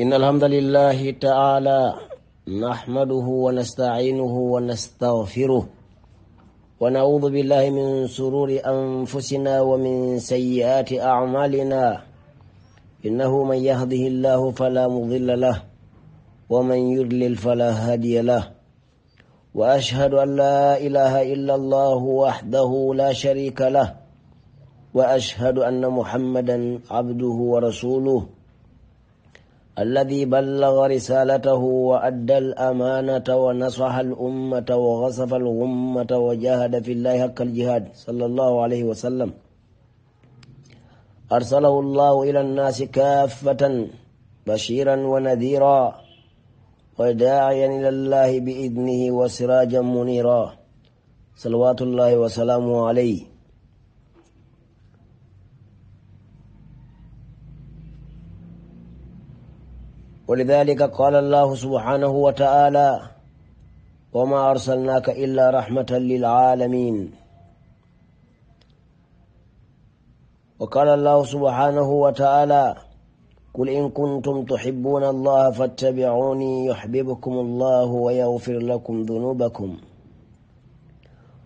إن الحمد لله تعالى نحمده ونستعينه ونستغفره ونعوذ بالله من سرور أنفسنا ومن سيئات أعمالنا إنه من يهده الله فلا مضل له ومن يضلل فلا هادي له وأشهد أن لا إله إلا الله وحده لا شريك له وأشهد أن محمدا عبده ورسوله الذي بلغ رسالته وأدى الأمانة ونصح الأمة وغصف الغمة وجاهد في الله حق الجهاد صلى الله عليه وسلم أرسله الله إلى الناس كافة بشيرا ونذيرا وداعيا إلى الله بإذنه وسراجا منيرا صلوات الله وسلامه عليه ولذلك قال الله سبحانه وتعالى وما أرسلناك إلا رحمة للعالمين وقال الله سبحانه وتعالى قل إن كنتم تحبون الله فاتبعوني يحببكم الله ويغفر لكم ذنوبكم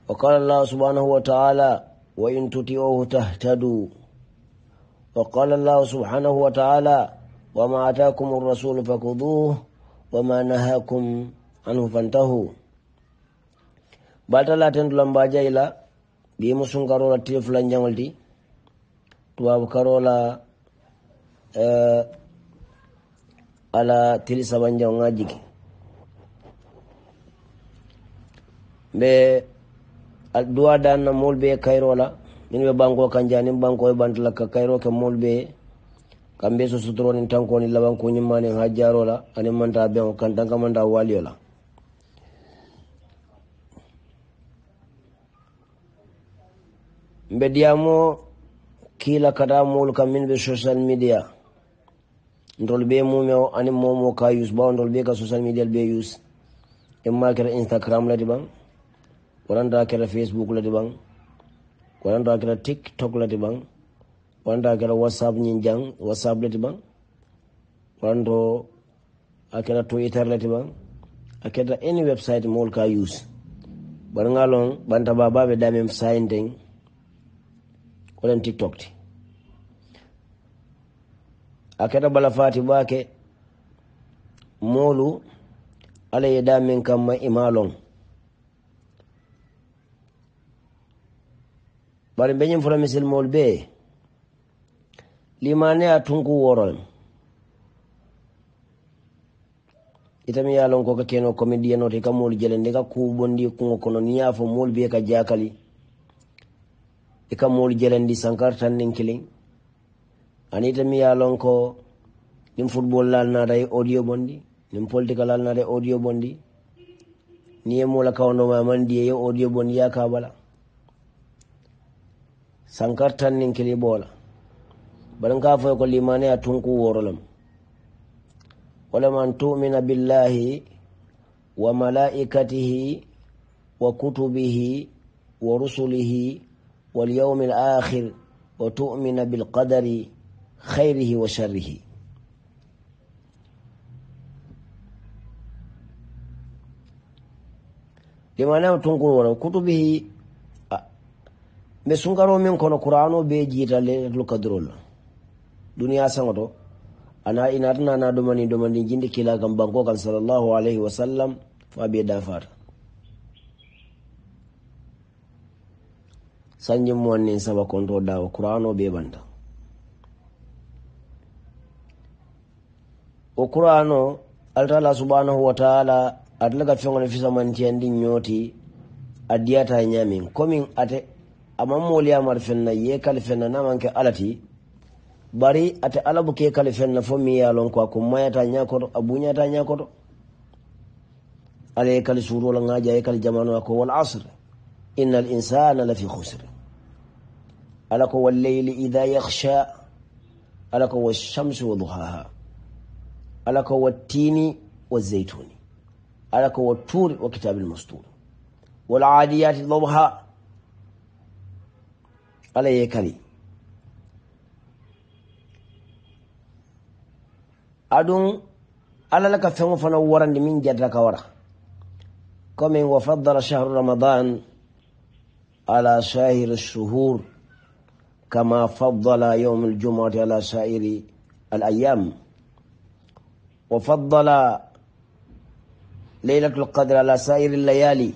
وقال الله سبحانه وتعالى وإن تطيعوه تهتدوا وقال الله سبحانه وتعالى وما آتاكم الرسول فخذوه وما نهاكم عنه فانتهو بالتلاتندلمباجيلا بيمسون كارولا تيفلانجاولتي تواب كارولا أه على تلسابانجاوناجيك be duwa danna molbe kayrola min ɓe banko kanjanin banko e bantalakka kayroke molbe kamɓe so sutoroni tankoni labankuñimmani ha jarola ani manta ɓeo kan tanka manta waliola mbediyamo kila kata mol kam min ɓe social media ndol ɓe mume o ani momo ka yus ɓawa ndol ɓe ka social media ɓe yus imma kera instagram lati ɓan wananta kera facebook lati ɓan wananta kera tiktok lati ɓan wonda kela whatsapp ñin jang whatsapp leti ban wonto a keta to itere leti ban a keta any website mool ka use bar nga lon banta bababe damem sayinteng olen tiktok ti a keta bala fati ɓake moolu ala ye damen kamma ima long bari beñin fora misil mool bee limane a tunku worol itami yalon ko ka keno comédien oto ka moolu jele ndi ka kuubondi kuŋo kono ni ya fo moolu bee ka jaakali i e ka moolu jelendi sankar tan nin kiliŋ ani itami ye lon ko niŋ football laal naata ye audio bondi niŋ politika laal naata ye audio bondi niŋ ye moola kawondomo aman diye ye audio bondi yaa kaa bala sankar tan nin kili boola بلن كافو يقول لي ماني أتنكو ورلم ولم أن تؤمن بالله وملائكته وكتبه ورسله واليوم الآخر وتؤمن بالقدر خيره وشره لماذا تنقل ولا كتبه آه، مسنكرو من كون القرآن بيجي تلقدرون duniya to? ana ina tana na domani domani jinda kila kan banko kan sallallahu alaihi sallam fa be da fata sanjin mu wannan saba konto da qur'ano be banda o qur'ano altala subhanahu wa ta'ala fi fengone fi mantiyandi ñooti a adiyata nyamin komin ate aman mooliyamar fenna ye kal na namanke alati bari ate alabu ke kalifen na fo mi ye lon ko a kummayata abu a buñata ñakoto ala ye kali suurola ŋaji a jamano ko wal asr innal insana la fi khusr ala ko walleyli idha yakhsha ala ko walshamsi wa duhaha ala ko wa wazeytuni ala ko tur wa kitabi lmastur walcadiyati dabha ala ye kali aɗum ala la ka feŋo fana warandi min jadra ka wara komin wa faddala shahru ramadan ala sahiri suhur kama faddala yawm aljumuati ala sairi الايام وفضل ليله القدر على سائر الليالي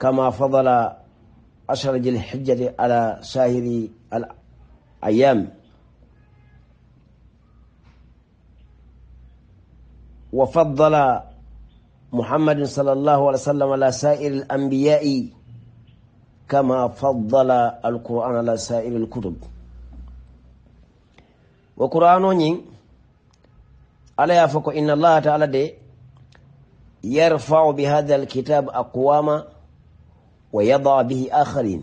كما فضل عشر ذي الحجه على سائر الايام وفضل محمد صلى الله عليه وسلم على سائر الأنبياء كما فضل القرآن على سائر الكتب وقرآن ونين على يفك إن الله تعالى دي يرفع بهذا الكتاب أقواما ويضع به آخرين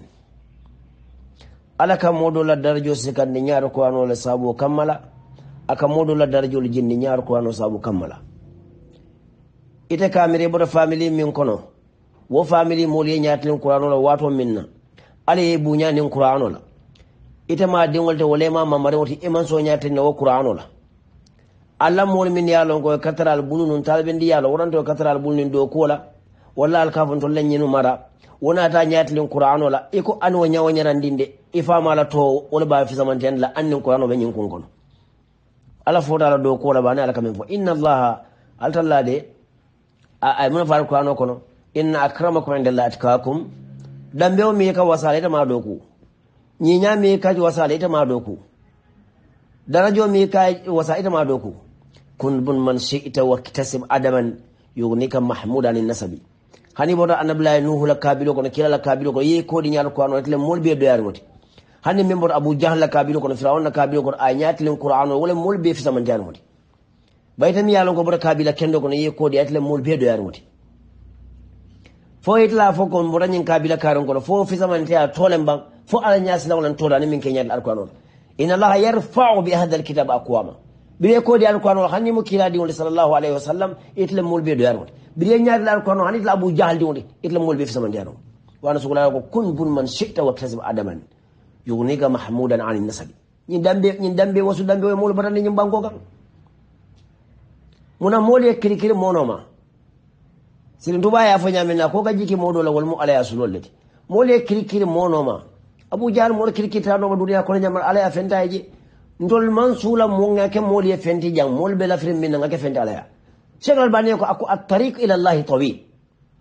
على كمودو لدرجو درجو سكان نيار قرآن ولا سابو كملا أكمود لا درجو الجن نيار قرآن وسابو كملا ite kamiri boto famili min kono wo famili moolu ye ñaatinin kuranola waato minna ala ye buñanin kuranola itema dingolte wolema mamari woti imanso ñaatinna wo kuranola alla moolu min ya lonko katara al bunu nun talabindi yalo woranto katara al bununin do kuola walla alkafon tolle ñinu mara wonata ñaatinin kuranola iko anwo ñawo ñarandinde ifamala to wola bawi fisamantenla annin kuranoɓe ñin kun kono ala fotala do kuola bani ala kamin fo inna allaha altallade a mun faru kwano kono inna akramakum indallahi atqakum dan bewo mi ka wasale ta madoku doku nya mi ka wasale ta madoku darajo mi ka wasale ta madoku kun bun man shi'ta wa kitasib adaman yughnika mahmudan nasabi hani boda anabla nuhu la kabilo kono kila la kabilo kono ye ko di nyaal kwano tele mol be do yar woti hani membo abu jahl la kabilo kono fir'aun la kabilo kono nyaatilin qur'an wala mol be fi sama jan woti ɓaytami yalongo mboɗo kaabila kendo kono ye koɗi atle mol be doyarude fo yitla fo ko mboɗañin kaabila karon kono fo fisamante a tolen ban fo ala ñasinawolan tolani min ke ñaade alkuran ola ina allaha yarfau bi hada alkitabe aqwama ɓiɗe koɗi alkuran ola hanni mo kiradi wonde sallllahu alayhi wa sallam itle mol be doyarude ɓiɗe ñaade alkuran ola han itla abou jahal di wonde itle mol be fisamante ano wana sugulaa ko kun bun man chita waktasib adaman yugnika mahmudan ani nasabi ñin dambe ñin dambe wasu dambe o molo batande ñin banko kan muna moli ya mono monoma sirin tuba ya fanya mena ko ga jiki modo la walmu ala ya sulol lati moli ya mono monoma abu jahal mol kiri kiri no duniya ko nyamar ala ya fenta yaji ndol mansula mo ngake moli ya fenti jang mol be la min minna ngake fenta ala ya shegal ko aku at-tariq ila allah tawi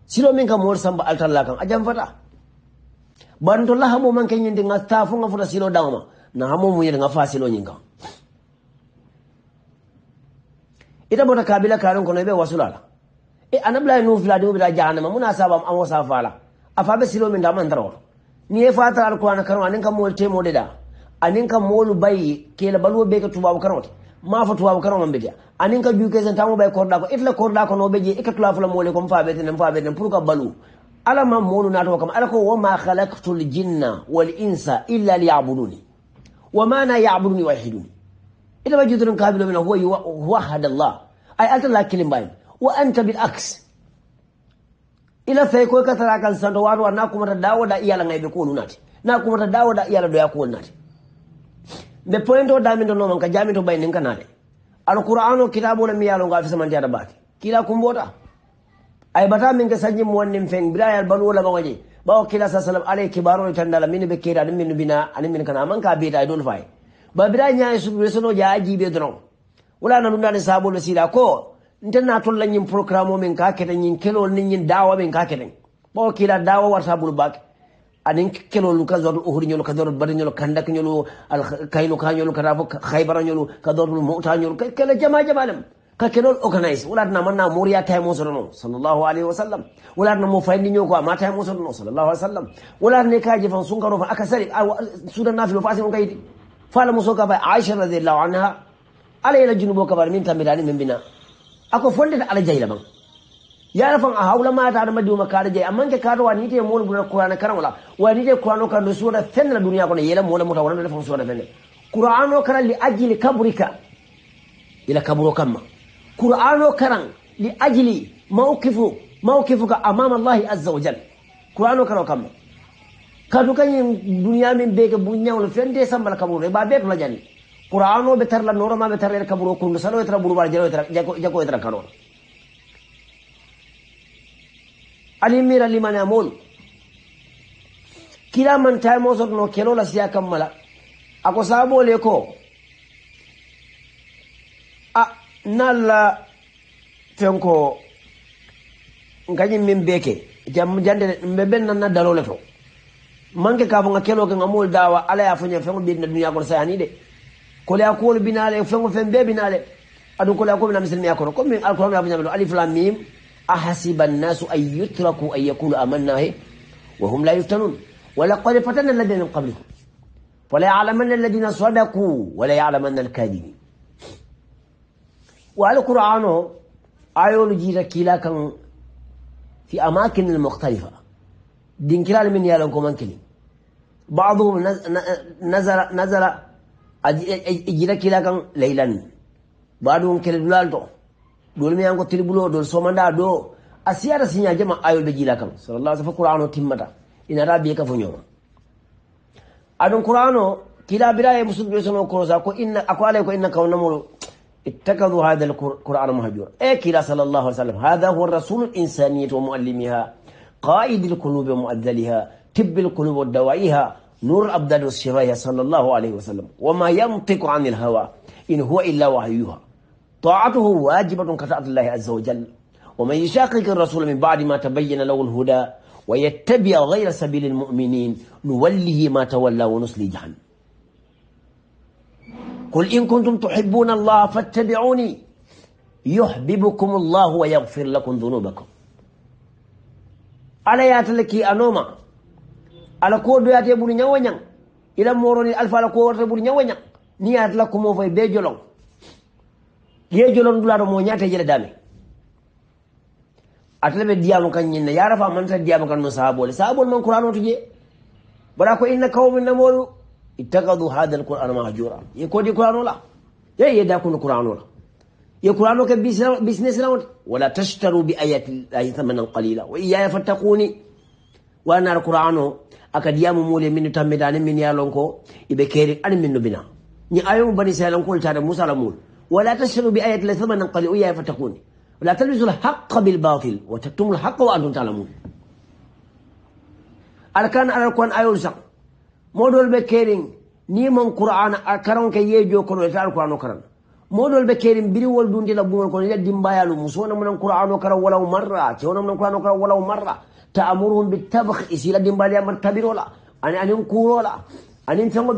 silo min ka mor samba altalla kan ajam fata bantola hamo man kenyin dinga stafu ngafuta silo dawma na hamo muyir ngafasilo nyinga ita bota kabila kanon kono ɓe wasulala e anablaye nu filadi uɓita jahannama muna sabam amo sa fala afa ɓe silomin damantara oto ni ye fatara alqurana kano anin kam mool temode da anin kam moolu bayi kela baluwo be ka tubabu kanote ma fo tubabu kano man ɓetiya anin ka juuke sen tamo ɓay korɗa ko itla korɗa kono ɓe je ika tula fula moole kom fa ɓetenen fa ɓetenen pour ka balu ala ma moolu natowo kam ala ko wama halaktu l jinna wal insa illa liyabuduni wamana yabuduni wayhiduni إلا وجود قابل منه هو وحد الله أي أتى الله كلمة وأنت بالعكس ila sai ko ka sara kan sanda waro na kuma ta dawo da iyala ai be ko nunati na kuma ta dawo da iyalan do ya ko nunati be point o min do non ka jamin to bai bayin kan nale alqur'ano kitabu na miyalo ga fi samanti da baki kila kumbota ay bata min ka sanjin mu wannan fen bidaya balu wala ba waje ba kila sallallahu alaihi kibaru tan dala min be kira min bina an min kana man ka be ta idol fai babira ñaesono jaa jiiɓe doron wala na ɗumɗani saabol ɓe siila ko ntenna tolla ñin programme min ka kete ñin kelol ni ñin dawa min ka keten ɓawo kiila dawa warta bulu baake anin kelolu ka zorul uhurñolu ka zorul bariñolu kandakñolu kaynu kañolu kata fo haybarañolu ka zorul mutañolu kele jama jama lem ka kelol organise wulaatna manna moriya taymo sotono sallllahu alayhi wa sallam wulaatna mo fayindiño ko ama taymo sotono sallllahu alih w sallam wulaatne kaji fan sunkaro fan aka sari sudan nafilo fa asino kayiti fala muso ka bay aisha radiyallahu anha ala ila junubo ka bar min tamilani min bina ako fonde ala jayla man ya rafan a haula ma ta da madu makara jay amman ke karo wani te mon buna qur'ana karan wala wani te qur'ano kan sura fen la duniya ko ne yela mola muta wala rafan sura fen qur'ano karan li ajli kabrika ila kaburo kamma qur'ano karan li ajli mawqifu mawqifuka amama allah azza wa jalla qur'ano karan kamma kadu kany dunia min beke bunya wala de sambal kaburu ba be pula jani qur'ano be tarla noro ma be tarla kaburu kun salo etra buru ba jalo etra jako jako etra karo ali mira limana mol kila man tay mo no kelo la siya kamala ako sabo le ko a nalla fenko ngaji min beke jam jande mbe ben nan manke ka fanga kelo ke ngamul dawa ala ya fanya fengo bi na dunya ko sayani de ko la ko bi na le fengo fen be bi na le adu ko la ko na misil mi akoro ko min alquran ya fanya alif lam mim ahasiba an-nasu ay yutraku ay yakulu amanna he wa hum la yuftanun wa laqad fatanna alladhina min qablikum فلا يعلمن الذين صدقوا ولا يعلمن الكاذبين وعلى القرآن آيول جيرا كلا كان في أماكن مختلفة دين كلا من يالنكم من كلمة بعضهم نزل نزل اجينا كلا كان ليلا بعضهم كلبلالتو دول ميان انكو تريبلو دول سومان دا دو اسيارة سينيا جمع ايو بجيلا كان صلى الله عليه وسلم قرآن تيمتا إن ربي كفنيو أدون قرآن كلا برا مسلم يسنو كروزا كو إن أكو عليكو إن كون نمو اتخذوا هذا القرآن مهجورا اي كلا صلى الله عليه وسلم هذا هو الرسول الإنسانية ومؤلمها قائد القلوب ومؤذلها طب القلوب ودوائها نور أبدال السرايا صلى الله عليه وسلم وما ينطق عن الهوى إن هو إلا وحيها طاعته واجبة كطاعة الله عز وجل ومن يشاقق الرسول من بعد ما تبين له الهدى ويتبع غير سبيل المؤمنين نوله ما تولى ونصلي جهنم قل إن كنتم تحبون الله فاتبعوني يحببكم الله ويغفر لكم ذنوبكم على ياتلكي أنوما ala ko doyate ɓuri ñawo ñang ila moroni alfa ala ko warta ɓuri ñawo ñang ni atala kumo fay be jolong ye jolong dulaɗo mo ñate jele dame atala ɓe diyamo kan ñinna yarafa manta diyamo kan no sahabole sahabol man qouran oto je bara ko inna kawmin namoɗu ittakadu hada alqouran mahjura ye kodi qouran ola ye yedda kono qouran ola ye qouran ke business lawte wala tashtaru bi ayati llahi thamanan qalila wa iyaya fattaquni wa anar akad yamu mule min tammidani min yalon ibe keri an min nubina ni ayo bani salan ko tare musa la mul wala tashru bi ayati la thamanan qaliya fatakun ولا تلبسوا الحق بالباطل وتكتموا الحق وانتم تعلمون arkan arkan ayon sak modol be kerin ni man qur'an arkan ke yejo kono ta arkan karan modol be kerin biri wol dundi la bumon kono ya dimbaya lu musona man qur'an karan wala marra tawna man qur'an karan wala marra تأمرهم بالطبخ إسيلا دمبالي أمر كبير ولا أن أن ولا أن ينفعوا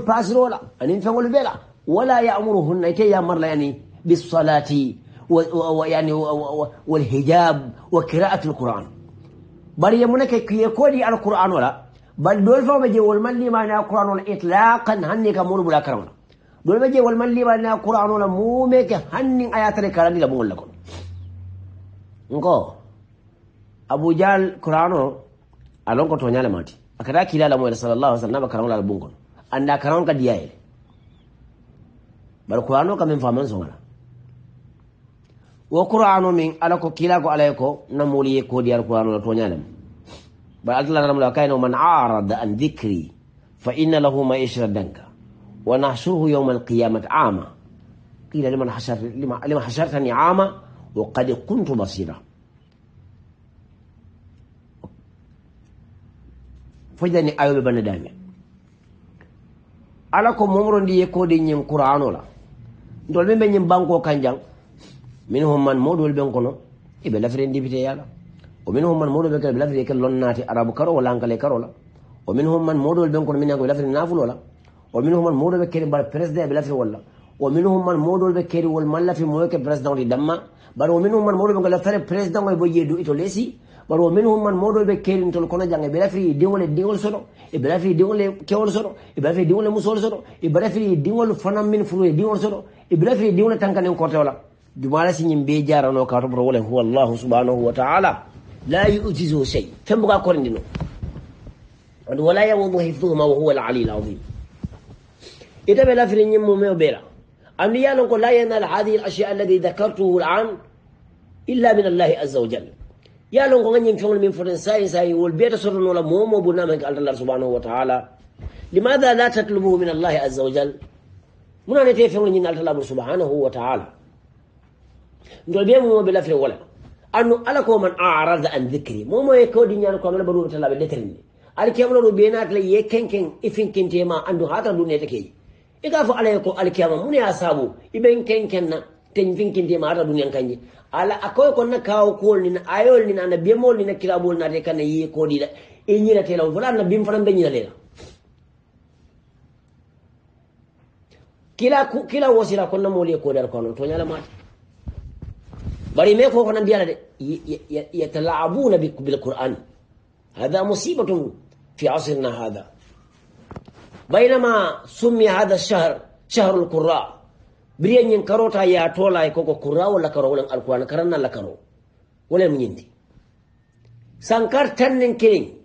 ولا أن ينفعوا البلا ولا يأمرهن كي يأمر يعني بالصلاة ويعني والحجاب وقراءة القرآن بل يمنك كي يكون على القرآن ولا بل دول فما جي والمن لي نا القرآن ولا إطلاقا هني كمون بلا كرمنا دول بجي والمن لي نا القرآن ولا مومك هنك آيات لا لبون لكم نقول abu jal kurano alonko to nyale mati akada kila la moyle sallallahu alaihi wasallam karanol la bungon anda karanol ka diaye bar kurano ka min faman songala wo kurano min alako kila ko alayko namuli ko kodi al kurano to nyale mo allah ramu la kayno man arada an dhikri fa inna lahu ma'ishra danka wa nahshuruhu yawm al qiyamah ama qila liman hashartani ama wa qad kuntu basira fojani ayoɓe bana dame ala ko momro ndi yekkode ñin qur'ano la ntol ɓe ɓe ñin banko kanjang min hom man moɗol ɓen kono eɓe lafire ndibite yala o min hom man moɗol ɓen kono ɓe lafire ke lonnati arabu karo wala ankale karo la o min hom man moɗol ɓen kono min ako ɓe lafire nafulo la o min hom man moɗol ɓe kedi mbar président ɓe lafire walla o min hom man moɗol ɓe kedi wol mallafi moyoke président ɗi damma bara o min hom man moɗol ɓe ko lafare président oe bo jeedu ito leesi بارو منهم من مودو بي كيرين تول كونا جانغي بلا فري ديول ديول سورو بلا فري ديول كيول سورو بلا فري ديول موسول سورو بلا فري ديول فنام من فرو ديول سورو بلا فري ديول تانكا نيو كورتي ولا دوبالا سي نيم بي جارانو كارو برو هو الله سبحانه وتعالى لا يعجز شيء تم بغا كورين دينو ولا يوم حفظهما وهو العلي العظيم اذا بلا فري نيم مومو بيلا أن يالنكو لا ينال هذه الأشياء الذي ذكرته الآن إلا من الله عز وجل ya lon ko ngani fiol min foten sai sai wol beta soto no la momo bu namen Allah subhanahu wa ta'ala limadha la tatlubuhu min Allah azza wa jal muna ne te fiol nyin Allah subhanahu wa ta'ala ndol be momo be la fe wala annu ala ko man a'rada an dhikri momo e ko di nyan ko ngala baru tala be determine al kiyamno do be na tala ye kenken ifin kinte ma andu hata dunne take yi iga fo ala ko al kiyama mun ya sabu iben kenken na tenfinkindi ma ata duniyan kanje ala akoy konna kawo kol nina ayol nina na bemol nina kilabol na te kana yi kodi la e nyina tela on fana na bim fana be nyina lela kila kila wasira konna moli ko dar kono to nyala mat bari me ko konan biala de yatalaabuna bil qur'an hada musibatu fi asrina hada بينما سمي هذا الشهر شهر القراء بريان كروتا يا تولا يكوكو كورا لا كرو ولا القوان كرنا لا كرو ولا مينتي سانكار تنن كين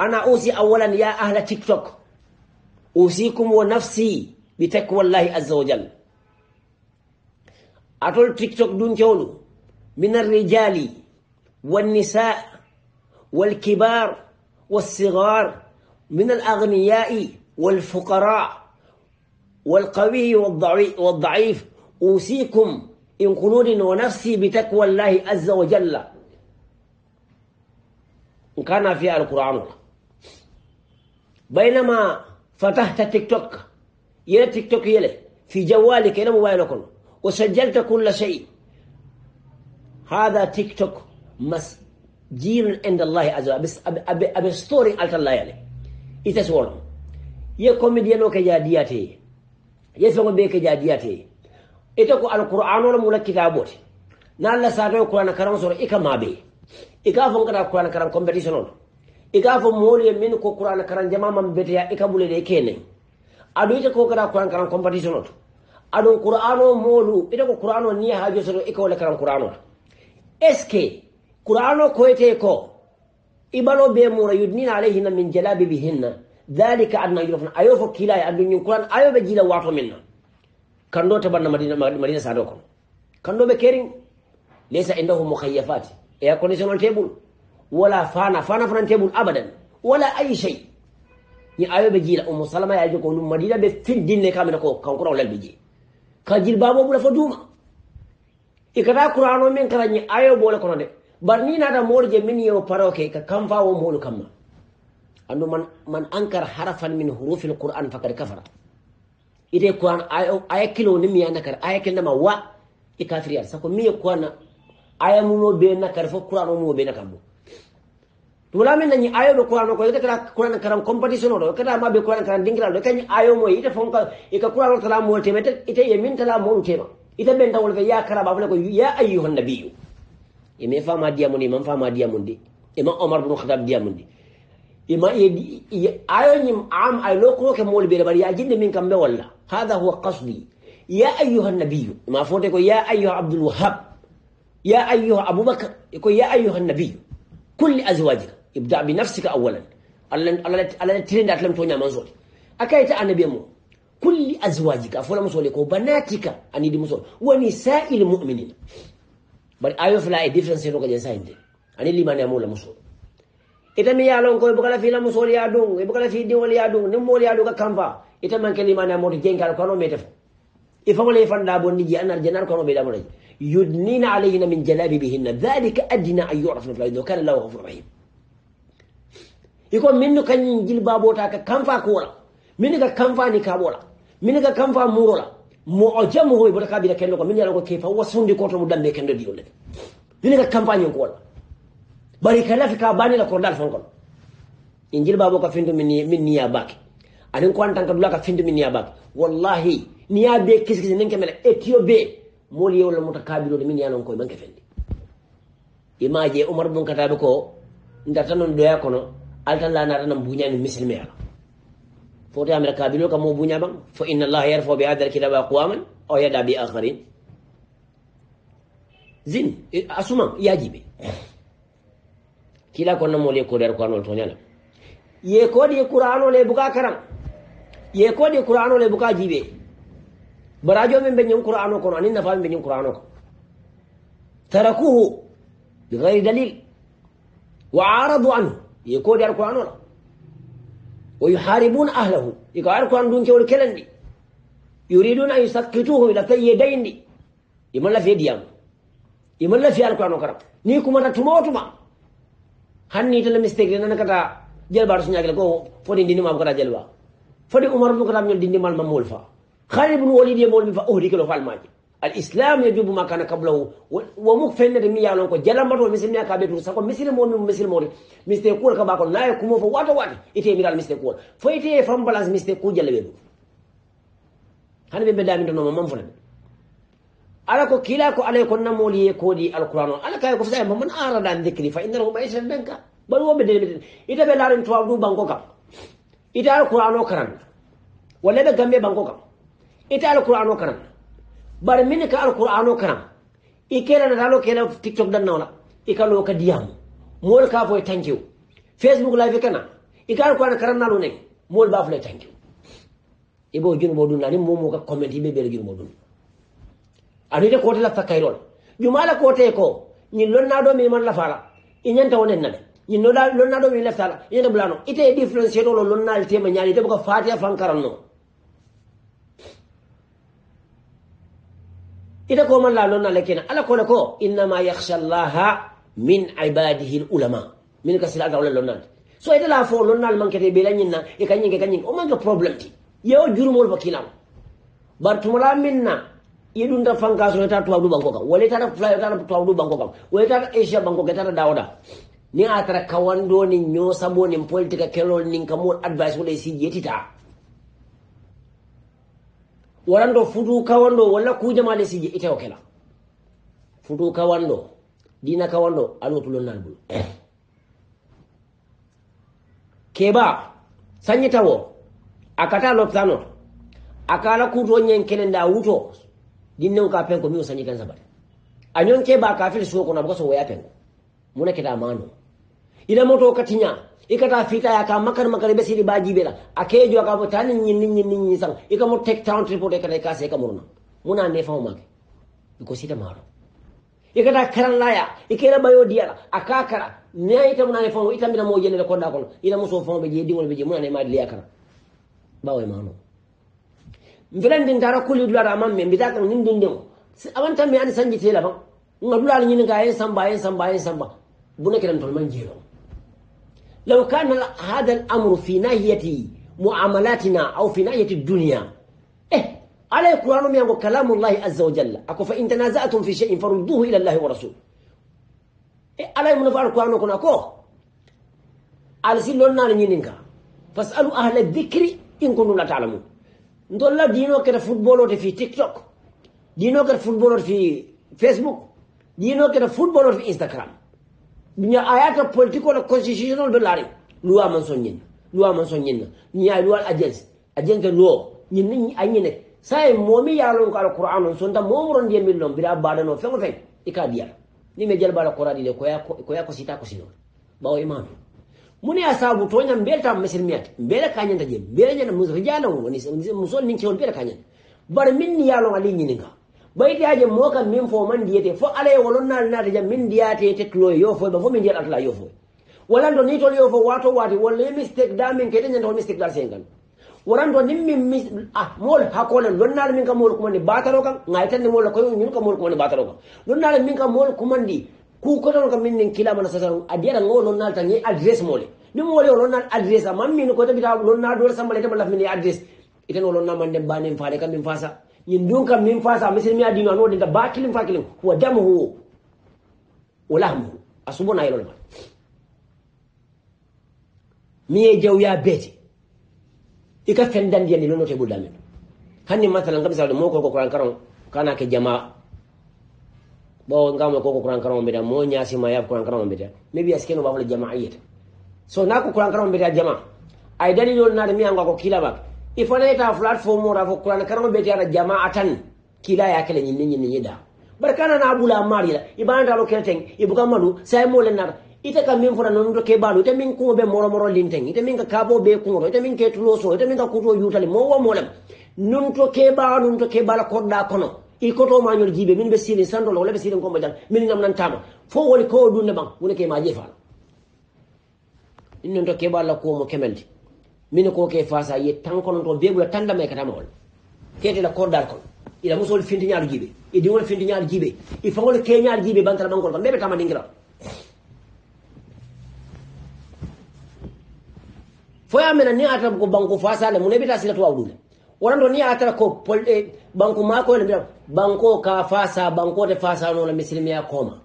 انا اوزي اولا يا اهل تيك توك اوزيكم ونفسي بتقوى الله عز وجل اتول تيك توك دون من الرجال والنساء والكبار والصغار من الاغنياء والفقراء والقوي والضعيف أوصيكم إن قلوني ونفسي بتقوى الله عز وجل إن كان في القرآن بينما فتحت تيك توك يلي تيك توك يلي في جوالك يا موبايلك وسجلت كل شيء هذا تيك توك مسجيل عند الله عز وجل بس أبي أبي ستوري على الله يلي يتسولهم يا كوميديانو كجادياتي يسمع بيك جادياتي إتكو القرآن ولا مولا كتابات نالا ساتو القرآن كرام سورة إكا ما بي إكا فون كرا القرآن كرام كومبيتيشن ولا إكا فون مولي من كو القرآن كرام جماعة من بيتيا إكا بولي دي كيني أدو إتكو كرا القرآن كرام كومبيتيشن أدو القرآن مولو إتكو القرآن نيا هاجو سورة إكا ولا كرام القرآن إسكي القرآن كويتيكو إبالو بيمورا يدنين عليهن من جلابيبهن ذلك أدنى يلوفنا أيو فكيلا أدنى ينقلان أيو بجيلا واتو منا كندو تبنا مدينة مدينة سادوكم كندو بكيرين ليس عندهم مخيفات إيا كونيشن تيبل ولا فانا فانا فانا تيبل أبدا ولا أي شيء ni ayo be jila ummu salama ya jiko num madina be fin dinne kamina ko kankura wala bije ka jil babo bula fa duma ikata qur'ano min kala ni ayo bole kono de bar ni nada morje min yo paroke ka kamfa wo molu kamma andu man man ankara harafan min hurufil qur'an fakad kafara ite kuan aya kilo ni miya nakar aya kilo nama wa i kafiriyal sako miye kuana aya muno be nakar fo qur'an muno be nakar bo tula min nani ayo do qur'an ko kata qur'an karam competition do kata ma be qur'an karam dingira do kany ayo mo ite fonka ika qur'an tala mo te mete ite yemin tala mo te ma ite ben tawol be ya karaba ko ya ayyuhan nabiyyu ime fama diamundi man fama diamundi imam omar bin khattab diamundi إما أيونيم عام أيلوكو كمول بيربري أجند من كم ولا هذا هو قصدي يا أيها النبي ما فوتك يا أيها عبد الوهاب يا أيها أبو بكر يقول يا أيها النبي كل أزواجك ابدأ بنفسك أولا الله ترند أتلم تونيا منصور أكايت النبي مو كل أزواجك أفولا مصولك وبناتك أني دي مصول ونساء المؤمنين بل أيوة فلا difference نوكا جنسا هندي أني لما نعمل مصول ita mi yalon ko fi la musol ya dung ibukala fi diwol ya dung mol ya duka kampa ita man ke limana moti jengal kono metef ifamale fanda bonni ji anar janar kono be damre yudnina alayna min jalabi jalabibihinna dhalika adna an yu'rafna fil ardh kana lahu ghafur rahim iko minnu babo ta ka kamba ko wala minnu ka kamba ni ka wala minnu ka ho e mu'ajamuhu bi kabila kenno ko minnu yalon ko ke fa wasundi ko to mu mudambe kendo diwol minnu ka kamba ni ko wala bari kala fi ka bani la kordal fankol injil babo ka findu min min niya bak anin ko antan ka dula ka findu min niya bak wallahi niya be kis kis nen kamela etio be mol yew la mutakabilo min ya non koy banke fendi imaje umar bun katabe ko ndata non doya kono alta la na tan bunya ni muslimi ala foto amira kabilo ka mo bunya bang fa inna allah yarfa bi hadha alkitab aqwaman aw yada bi akharin zin asuma yajibi kila kono mole ko der kono to nyala ye ko di qur'ano le buka karam ye ko di qur'ano le buka jibe barajo men be nyum qur'ano kono anin nafa men be nyum qur'ano ko tarakuhu بغير دليل وعارضوا عنه يكون القرآن ولا ويحاربون أهله يقال القرآن دون كول كلندي يريدون أن يسقطوه إلى تي يدين يملا في ديام يملا في القرآن وكرم نيكم أنت تموتما han ni tele mistake nana kata jel bar sunya gele ko fodi dindi mam kata jel wa fodi umar bu kata nyol dindi mal mamul fa khalid ibn walid mol mi fa ohri kelo fal maji al islam yajubu ma kana qablahu wa mukfen de mi yalon ko jalam bato misil mi akabe to sako misil mo mi misil mo mistake ko ka ba ko naye kumo fa wata wata ite mi dal mistake ko fo ite fam balance mistake ko jelle be han be be dami to no mam fulani ala ko kiilako alay ko namoli e kooɗi alqouran o ala kay ko fotayma e man arada an fa innahu maisatan danka ɓaɗu woɓe deɓe ita ɓe laaren tuwaw ɗum banko kam ita alqouran o karanna walla ɓe gambe banko kam ita alqouran o karanna bar min ka alqouran o karan i kelanatalo kela tiktok dannawla ika lo ka diyamu mool ka fo e facebook live e kana ika alqouran karannalo ne mool ba fula e tankew iɓo junumo ɗum nani momo ka commente yiɓe ɓeele anite kote la fakayrol jumala kote ko ñin lonna do mi man la fala iñanta wonen nade ñin lonna lonna do mi leftala iñanta bulano ite difference do lonna al tema ñaali te ko fatiha fankaran no ite ko man la lonna le kena ala ko le ko inna ma yakhsha allah min ibadihi al ulama min kasila ga wala lonna so ite la fo lonna al mankete be la ñinna e kanyin ke kanyin o man ga problem ti yew jurumol bakilam bartumala minna nda fankaso yeta tuwa banko bangkoka wale yeta fly yeta tuwa banko bangkoka wale yeta asia bangkoka kan dawda ni atara kawando ni nyosabo ni politika kelo ni kamol advice wala si yetita warando fudu kawando wala kujama le si yetita okela fudu kawando dina kawando alo tulon nalbu eh. keba sanyita wo akata lopsano akala kuto nyen kelenda wuto jinnew ka penko mi usani kan sabata añon keɓa ka fel suwo kono aɓa ka sowoya penko muna keta mano ida moto katinya ikata fita ya ka makar makar be siri siɗi bajiɓe la a kejo ka fo tani ñinni ñinni ñi san ikamo tek trip report ikata ka se kamuruna muna ne fa make iko sita maro ikata karanlaya ikela ɓayo diyala a ka kara ne ita munane famo itambina mo ko konɗa kono so fa famo be je diŋol be je ne ma diliya kara ɓawo e mano njolan din tara kuli dulara nin awan tan an sanji tela ngadula ni samba samba samba buna kiran tolman لو كان هذا الأمر في ناحية معاملاتنا أو في ناحية الدنيا إيه على القرآن يقول كلام الله عز وجل أكو فإن تنازعتم في شيء فردوه إلى الله ورسوله إيه على من القرآن يقول أكو على سيلون نار فاسألوا أهل الذكر إن كنتم لا تعلمون ndolla diino keta football ote fi tiktok diino keta football ote fi facebook diino keta football ote fi instagram ña ayata politique ola constitutional do laari luwa man son ñinna luwa man son ñinna ña luwal agence agence luwo ñin a ñine saye momi yalon ko alquran on sonta momoron je min non bira badano fengo fen ika ni me jal bala qurani le koya koya ko sita ko sino bawo imanu muni ya sabu tonya mbele ta misilmiyat mbele kanyanta je mbele nyana muso jalo woni muso nin kewon mbele kanyanta bar min ni yalo ali nyininga bayti aje moka min fo man diyete fo ala e wolon nal nata jam min diyate te klo yo fo ba fo min diyata atla yo fo wala ndo ni tol yo fo wato wati wala mistake da min kete nyanta mistake dal sengal waran do nimmi mis ah mol hakole lonnal min ka mol kumandi bataro kan ngaitan ni mol ko nyun ka mol kumandi bataro kan lonnal min ka mol kumandi ku ko tan kam min kila mana sasa adiyara ngo non nal tan address mole ni mole non nal address man min ko tabi ta non na dol sambale ta lafini address iten non na man dem banen faade kam min fasa nyin dun kam min fasa misil mi adino no de ba kilim fa kilim wa damuhu wa lahmuhu asubona yelo ma mi e jaw ya beti ika fendan yandi non te budamen hanni masalan kam sa mo ko ko kan karon kana ke jama'a bon ngam ko ko kuran karamo beda mo nyaasi ma yab kuran karamo beda maybe askeno bawla jamaa'iyat so na ko kuran karamo beda jama ay dalilol mi anga ko kilabak il faut nayta platform ora ko kuran karamo mbedeyata jamaa'atan kila ya kala nyinni nyinni yeda barkana na abula mari la ibanda lo kelten ibuka kamalu say mo le nar ite kam min fora do ke balu te min ko be moro linteng ite min ka kabo be kuŋoto ite min ke tulo so ite min ka kuto yutali mo wa mo nun to ke nun to ke bala da kono i koto mañol jibe min be sirin sandola walla be sirin komba jan min nan namnantama fo woni kowo dunde ɓan wona ke ma jefano ɗin noon to keɓa ko mo kemelde min ko ke fasa ye tan konon to beɓula tandama e katama on ketela koddal kon ila musol e jiiɓe i diŋol ñaar jibe i fawol keñaɗo jiiɓe bantara ɓankol kam ɓeɓe tama ɗingira foya mena ni atam ko ko banko fasale mu nebita sila tuwaw ɗule wanando ni atara ko polde eh, banko mako ene mbiya banko ka fasa banko fasa no bankode fasanona ya koma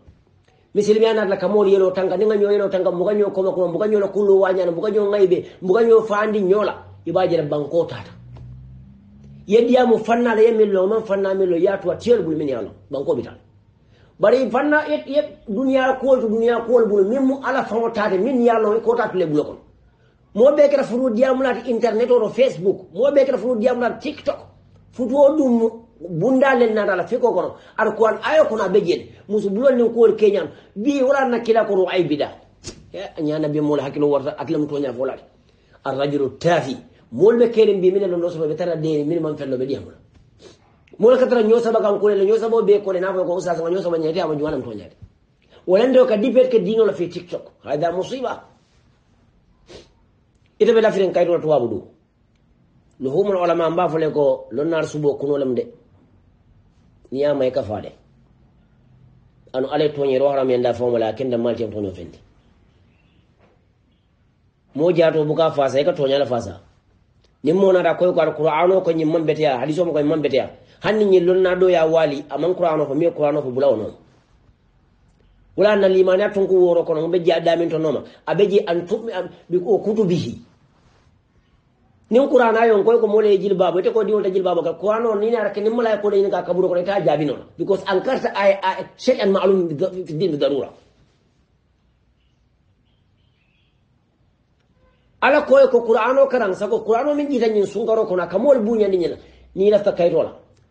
misilimiya la kamori yelo tanga ni gaño yelo tanga mugaño koma koma mugañola kullu wañana mugaño gaybe mugaño fandi nyola ibaje ibajira banko tata yedi amu fanna la yemi lo man fanna mi lo fannamillo yatuwa tiel bul min yano banko bita bari fanna et et dunya ko dunya ko bul min mu ala fawo tata min yalo ko tata le bulo kon mo be kera furu diamulat internet oro facebook mo be kera furu diamulat tiktok futuo ɗum bundalel natala fiko kono aɗa kuwan ayo kono aɓe jeeɗe musu bulol nin kuwol keñan bi walanna kila kono ay bida ñanabi mola hakkilo warta hakkile mu toñana folade arrajulu tafi mol ɓe kere mbi minen ɗon ɗo soto ɓe tara deeri min man fello ɓe ɗiyamola mola ka tara ñosaba kan kolele ñosaba o be kole nafoy ko usasama ñosaba ñeete ama juwanam toñade walande o ka dipet ke dinola fi tiktok hayda musiba ite be lafiren kayitola tubabu du no humol olama mba fole ko lonnar subo kunolem de niyama e kafade ano alay toñere waharam yenda fawmala kenda maltem toño fendi mo jato buka fasa e ka toñala fasa nin mo nata koy ko ar qur'ano ko ñim mambeteya hadiso mo koye mambeteya hanni ñin lonna ɗo ya waali aman qur'ano fo mi qur'ano fo bulawo noon wala na limaniya tonku woro kono be je adamin to noma abeje an tumi bi ko kutubihi nin qur'ana yon koy ko mole jilbabo te ko diwol ta jilbabo ka qur'ano ni na rakini mala ko de ka kaburo ko ta jabi non because an karta ay shay'an ma'lum fi din bi darura ala koy ko qur'ano karan sako qur'ano min jitanyin sungaro kono kamol bunya ni ni la fakayrola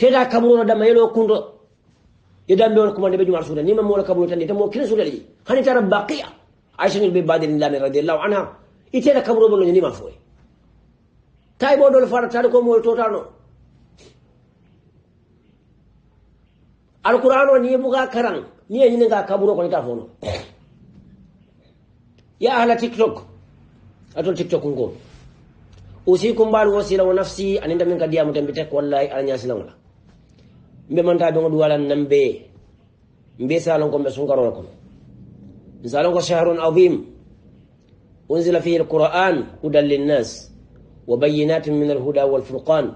teda kaburono dama yelo kundo yedan be won ko mande be jumal sudan nima mola kaburo tan itamo kina sudan yi hani tara baqiya aisha bin bi badin lami radiyallahu anha itela kaburo bolo nima foy tay bo dol fara tan ko mo totano alqur'ano ni buga karan ni ni ga kaburo ko ta fono ya ahla tiktok atol tiktok ngo usikum bal wasila wa nafsi aninda min kadiya mutambitek wallahi alanya silawla mbe manta dongo wala nambe mbe salon ko be sun garol ko salon ko shahrun azim unzila fihi alquran hudan linnas wa bayinatin min alhuda wal furqan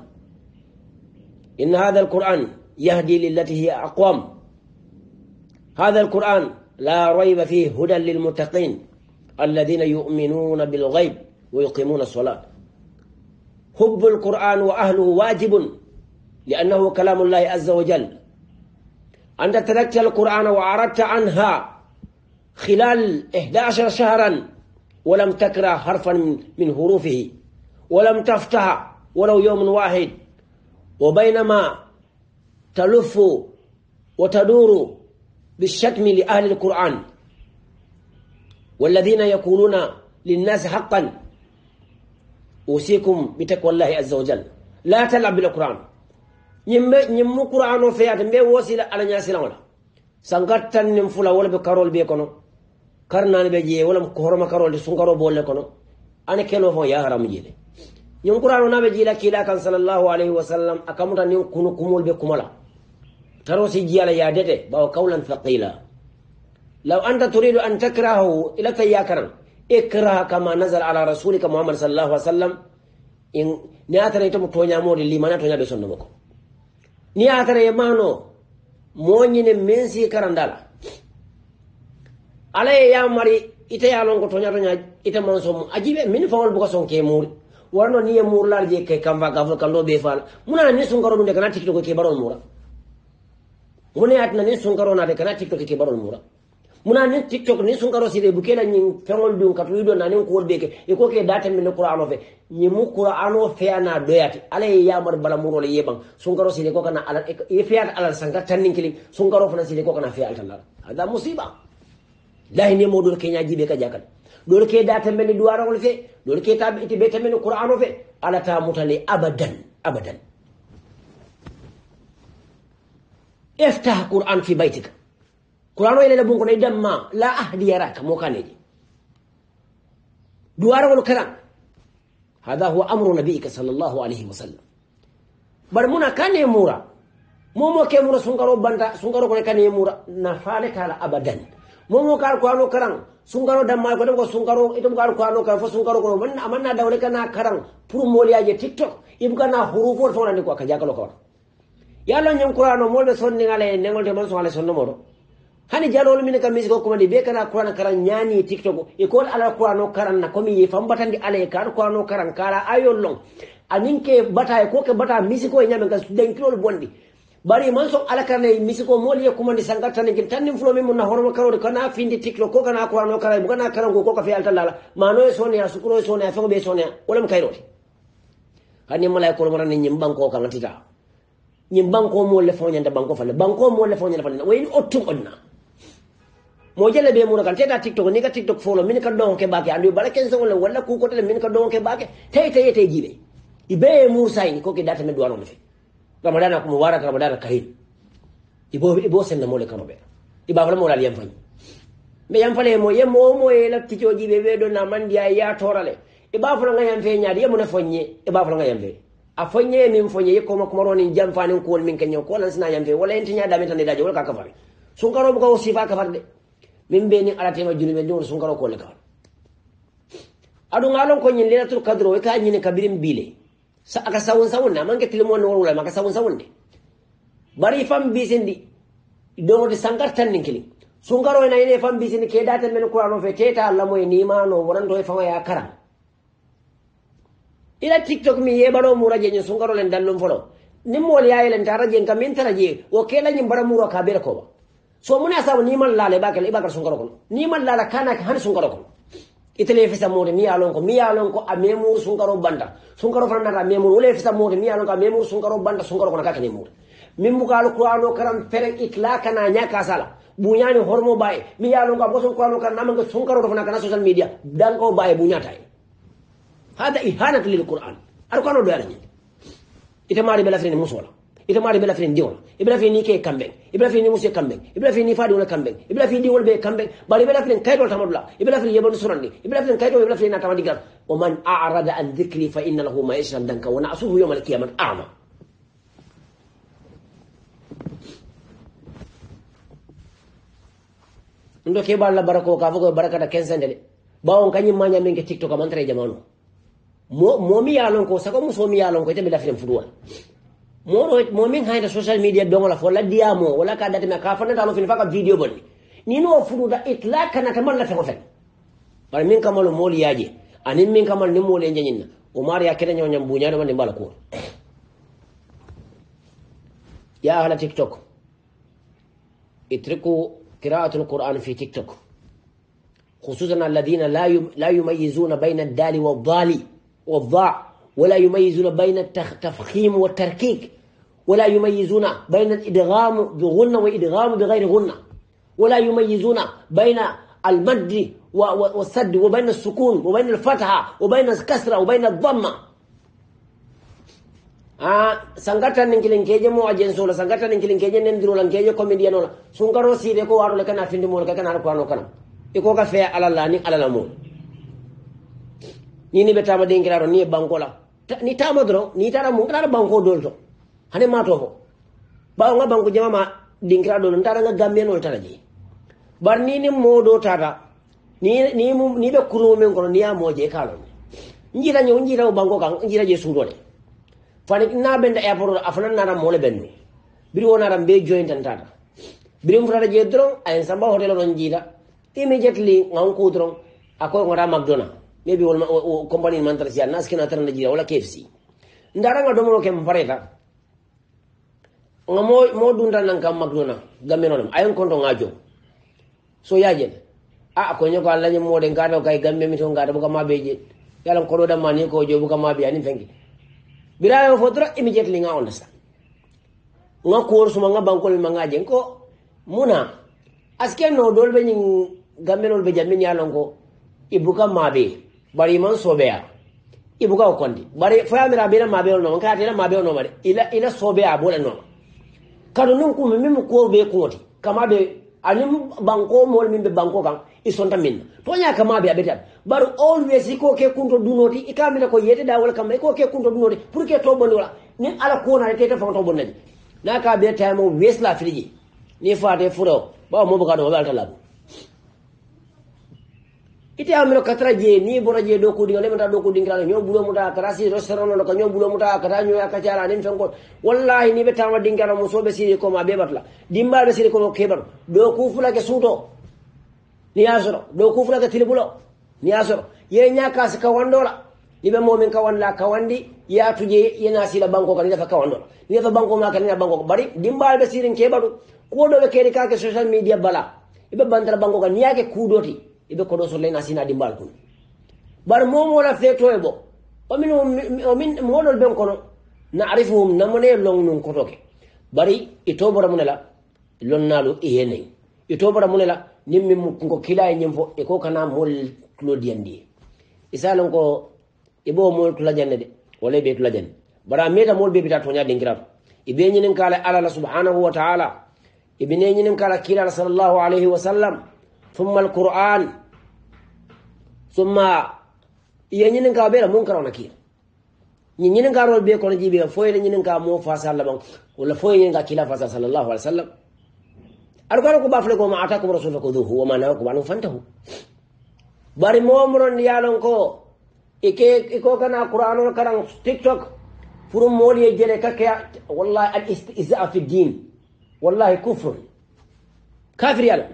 in hadha alquran yahdi lillati hiya aqwam هذا القرآن لا ريب فيه هدى للمتقين الذين يؤمنون بالغيب ويقيمون الصلاة حب القرآن وأهله واجب لأنه كلام الله عز وجل أنت تركت القرآن وعرضت عنها خلال 11 شهرا ولم تكره حرفا من حروفه ولم تفتح ولو يوم واحد وبينما تلف وتدور بالشتم لأهل القرآن والذين يقولون للناس حقا أوصيكم بتقوى الله عز وجل لا تلعب بالقرآن ñimbe nyimmu qur'ano feyata mbe wosila ala ñasilaŋo la sankartan nim fula wala be karol be kono karnaani be je wala ko horma karol de sungaro bolle kono ani kelo fo ya haram jele nyim qur'ano na be jila kila kan sallallahu alaihi wasallam akamta nim kunu kumol be kumala taro si jiala ya dete ba kaulan faqila law anta turidu an takrahu ila ya ikraha kama nazal ala rasulika muhammad salallahu alih wa sallam ni a tara itomo limana to a toñaɓe sonnomo ko ni a tara ye maano moo ñine men si karanda la ala ye ya mari ite ye lon ko toña toña ite man som ajibe min fawol buka son ke muuri warno ni ye muurlaal je ke kam fa gafol kan do be faala munana ni sunkaro ɗum de kana tikito ko ke barol muura mune atina ni sunkaro naade kana tikito ko ke barol muura muna tiktok ni sun karo sire la nyin fengol dun kat wido na nin ko beke e ko ke data min Quran fe ni mu qur'ano fe ana doyati ale ya mar bala muro le yebang sun karo sire ko kana ala e fe ala sanga tanin kili sun karo fana sire ko kana fe ala tanala ada musiba lahi ne modul kenya jibe ka jakal dol ke data min waro fe dol ke tabi iti be tamin Quran fe ala ta mutali abadan abadan افتح Quran في بيتك kurano ile le bunko ma la ahdi yaraka moka ne duwara wal karam hada huwa amru nabiyika sallallahu alaihi wasallam bar muna kane mura momo ke mura garo banda garo ko kane mura na fale kala abadan momo kar ko ano karam dan damma ko ko garo itum kar ko ano kar sun garo ko man amanna dawle kana karam pour moliya je tiktok ibgana hurufo to nan ko ka kala ko yalo nyam qur'ano molbe sonni ngale ngol de man so ngale sonno moro hani jalol min kam musique o kumandi be kana kurana karan ñaani tiktok ikol ala kurano karan na komi ye fam ala ye kurano karan kala ayol long anin bata ko ke bata musique o e ñamen kas denkirol bari man ala karana e musique o moolu kumandi sangar tan kin tan nin na horoma karode kana findi tiktok ko kana kurano karan kana karango ko ka fe altallala mano e soneya sukuro e soneya fego ɓe soneya wolem kayrote hani malaykol marani ñim banko kan tita ñim banko mo le fawñande banko fanne banko mo le fawñande fanne wayni ottum onna mojele be mo kan teta tiktok ni ka tiktok follow min ka don ke baake andu bala ken songol wala ku ko tele min ka don ke baake tay tay tay jibe ibe musa sai ko ke data me duwaro fe ramadan ko ramadan ka kahin ibo ibo sen na mole kanobe iba wala mo la yam me yam fale mo yem mo mo e la tikio jibe be do na man dia ya torale iba fala nga yam fe nyaade yem na fonye iba fala nga yam fe a fonye min fonye ko mo ko ni jam fani ko min kanyo nyoko lan sina yam fe wala entinya da tan dajo wala ka ka fami sun karo ko sifa ka min be ni alatema julube ndiwol sunkaro kole kan aɗu ngalon ko ñin lelatul kadre o ka ñine kabirin biile aka sawun sawunde amanke tilimonne wol wulama aka sawun sawunde bari fam bisindi donode sangar tannin kilin sunkaro ena ine fam bisindi ke datel men kurano fe teta allamo e nimano woranto e fawa ya karan ila tiktok mi yeɓano muraje ñin sunkaro len dallum folo nimmool yayelen ta rajen kam min taraje o kelañin bara muro ka bere kowa so muni asabu ni mal lale ba kala ibakar sun garokon ni mal lala kana han sun garokon itele fisa mure mi alon ko mi alon ko amemu sun garo banda sun garo fana na amemu wala fisa mure mi alon ko amemu sun garo banda sun garo kona kaka ne mure min buka alqur'ano karam fere itlaka na nya kasala bunyani hormo bae mi yalon ko sun qur'ano kan namango sun garo fana kana social media dan ko bae bunyata hada ihanat lil qur'an alqur'ano do yarani ite mari bela fere musola ita mari bela fini diona ibela fini ke kambe ibela fini musi kambe ibela fini fadi wala kambe ibela fini wol be kambe bari bela fini kaydo tamadula ibela fini yebon surandi ibela fini kaydo ibela fini tamadi gar wa man a'rada an dhikri fa inna lahu ma'ishan danka wa na'suhu yawm al-qiyamah a'ma ndo ke balla barako ka fugo barakata kensende de bawon kanyi manya menge tiktok amantre jamanu mo mo mi yalon ko sako so mi yalon ko ite bela fini fuduwa مو مومين هاي السوشيال ميديا دوغلا فولا ديامو ولا كادات مي كافن دانو فين فاكا فيديو بني نينو فرودا اتلا كانا تمال لفه وفن بار مين كامل مول ياجي ان مين كامل ني مول انجي نينا عمر يا كده نيو نيم بونيا من بالا كو يا اهل تيك توك اتركوا قراءة القرآن في تيك توك خصوصا الذين لا يميزون بين الدال والضال والضاء ولا يميزون بين التفخيم والتركيك ولا يميزون بين الادغام بغنه وادغام بغير غنه ولا يميزون بين المد والسد وبين السكون وبين الفتحه وبين الكسره وبين الضمه آه سانغاتا نينكلين كيجي مو اجين سولا سانغاتا نينكلين كيجي نندرو لان كيجي كوميديا نولا سونغارو سي ديكو وارو لكنا فيندي مول كانا ركو انو كانا ايكو كا فيا على لاني على لامو ني ني بتاما دينكلارو ني بانكولا ni tama doro ni tara mun kala banko dolto hane ma to ko ba nga ko jama ma dinkira do tara nga gamme no tara ji bar ni ni mo modo tara ni ni ni be kuro men ko ni amo je ni njira nyo njira ko kan njira je suro le ni na benda airport afana nara mole benni biri wona ra be joint tan tata biri mu tata je doro ay samba hotel on njira immediately ngan ko doro akoy ngora mcdonald maybe wal company man tar siya nas kena tara jira wala kfc ndara nga domo ke mpareta nga mo mo dunda nan kam magdona gameno nam ayon kondo ngajo so yaje a ko nyoko alla mo de ngado kay gambe mi to ngado buka mabeje yalla ko do damani ko jo buka mabe ani fengi birayo fotra immediately nga sa nga wor suma nga bankol mi nga jeng ko muna aske no dolbe gambe gammenol be jamme ya nyalon ko ibuka be bari man sobeya ibuga kondi bari fayamira bela mabelo no ka tela mabelo no mari ila ila sobeya bola no kanu nun kuma mimu ko be koti kama be anim banko mol mimbe be banko kan isonta min to nya kama be abeta baru always ko ke kunto dunoti ikamina ko yete da wala kama ko ke kunto dunoti pour ke to bonora ni ala ko na tete fa to bonnaji naka be tamo wesla friji ni fate furo ba mo buka do ba ite amro katra je ni bora je doku di ole mata doku dingral nyo bulo muta kara si rosero no kanyo bulo muta kara nyo ya kachara nim songo wallahi ni beta ma dingara muso besi di koma ma be dimba be siri ko kebar doku fula ke suto ni asoro ya doku fula ke bulo ni asoro ya ye nyaka kas kawan dola ibe momin kawan la kawan di ya tuje yana sila banko kan fa kawan dola ni fa ya bangko ma kan banko bari dimba be sirin kebaru ko be ke social media bala ibe bantra bangko kan ya ke kudoti iɓe koɗo so leng asinaɗi mbalkun bar momola feeto e ɓo omin omin moɗol ɓen kono naarifuhum namone long nun kotoke bari i tobora munela lonnalu iyenayi i tobora munela nin min mukunko kila e ñin fo e ko kana mol tulodiyandi ye isalon ko i e ɓo mol tulajande de wala ɓe tulajande bara meta mol ɓeɓita toña ɗinkirato iɓe ñinin kala alala subhanahu wa taala iɓe ne ñinin kala kilala sallllahu alayhi wa sallam ثم القرآن ثم ينين كابيرا منكر ونكير ينين كارول بيكون جيبي فويل ينين كامو فاس الله ولا فويل ينين كلا فاس صلى الله عليه وسلم أركانو كبافلك وما أتاكم رسول فكذوه وما نهاكم عنه فانتهوا bari momron yalon ko ike iko kana qur'anon karan tiktok furu moli e jele kake wallahi al istihza fi din wallahi kufr kafir yalon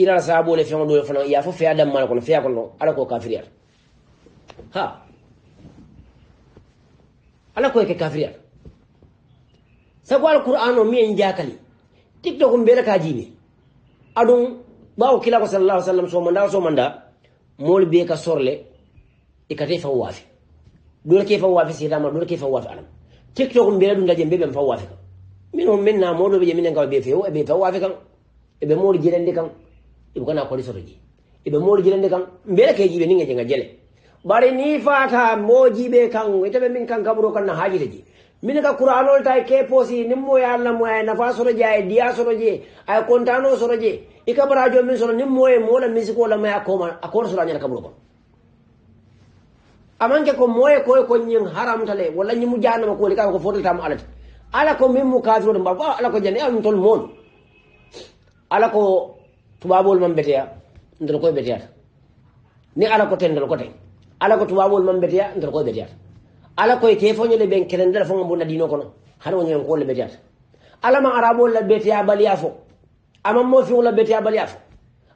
kila sabu le fiyon do fana ya fo fiya dam mala kono fiya kono ala ko kafiriyal ha ala ko ke kafiriyal sabu alquran o mien jakali tiktok mbele ka jibe adum bawo kila ko sallallahu alaihi wasallam so manda so manda mol be ka sorle ikate fa wafi dole ke fa wafi sidama dole ke fa wafi alam tiktok mbele dun daje mbebe fa wafi minhum minna modo be jemina ngabe fe o be fa wafi kan e be mor jirande kan ibu kana kori soroji ji ibe mori jilande kan mbele ke jibe ninge jenga jele bari ni fata moji be kan ite be min kan kaburo kan na haji leji min ka qur'anol tay ke posi nimmo ya allah mo ay nafa soto ji ay diya je ay kontano soto ji ikabara jo min soro nimmo e mola misiko la ma akoma akor soro nyana kaburo kan amanke ko moye ko ko ñing haramtale walla ñimu jannama kooli kaka ko fototam alati ala ko min mu kafirode mbaw ala ko jani am ɗum tol ala ko tubabol man betiya ndal koy betiya ni ala ko tendal ko tay ala ko tubabol man betiya ndal koy betiya ala koye ke ben kelen dal fo gabunda dino kono hana ko le betiya ala ma arabol la betiya baliya fo aman mo fi wala betiya baliya fo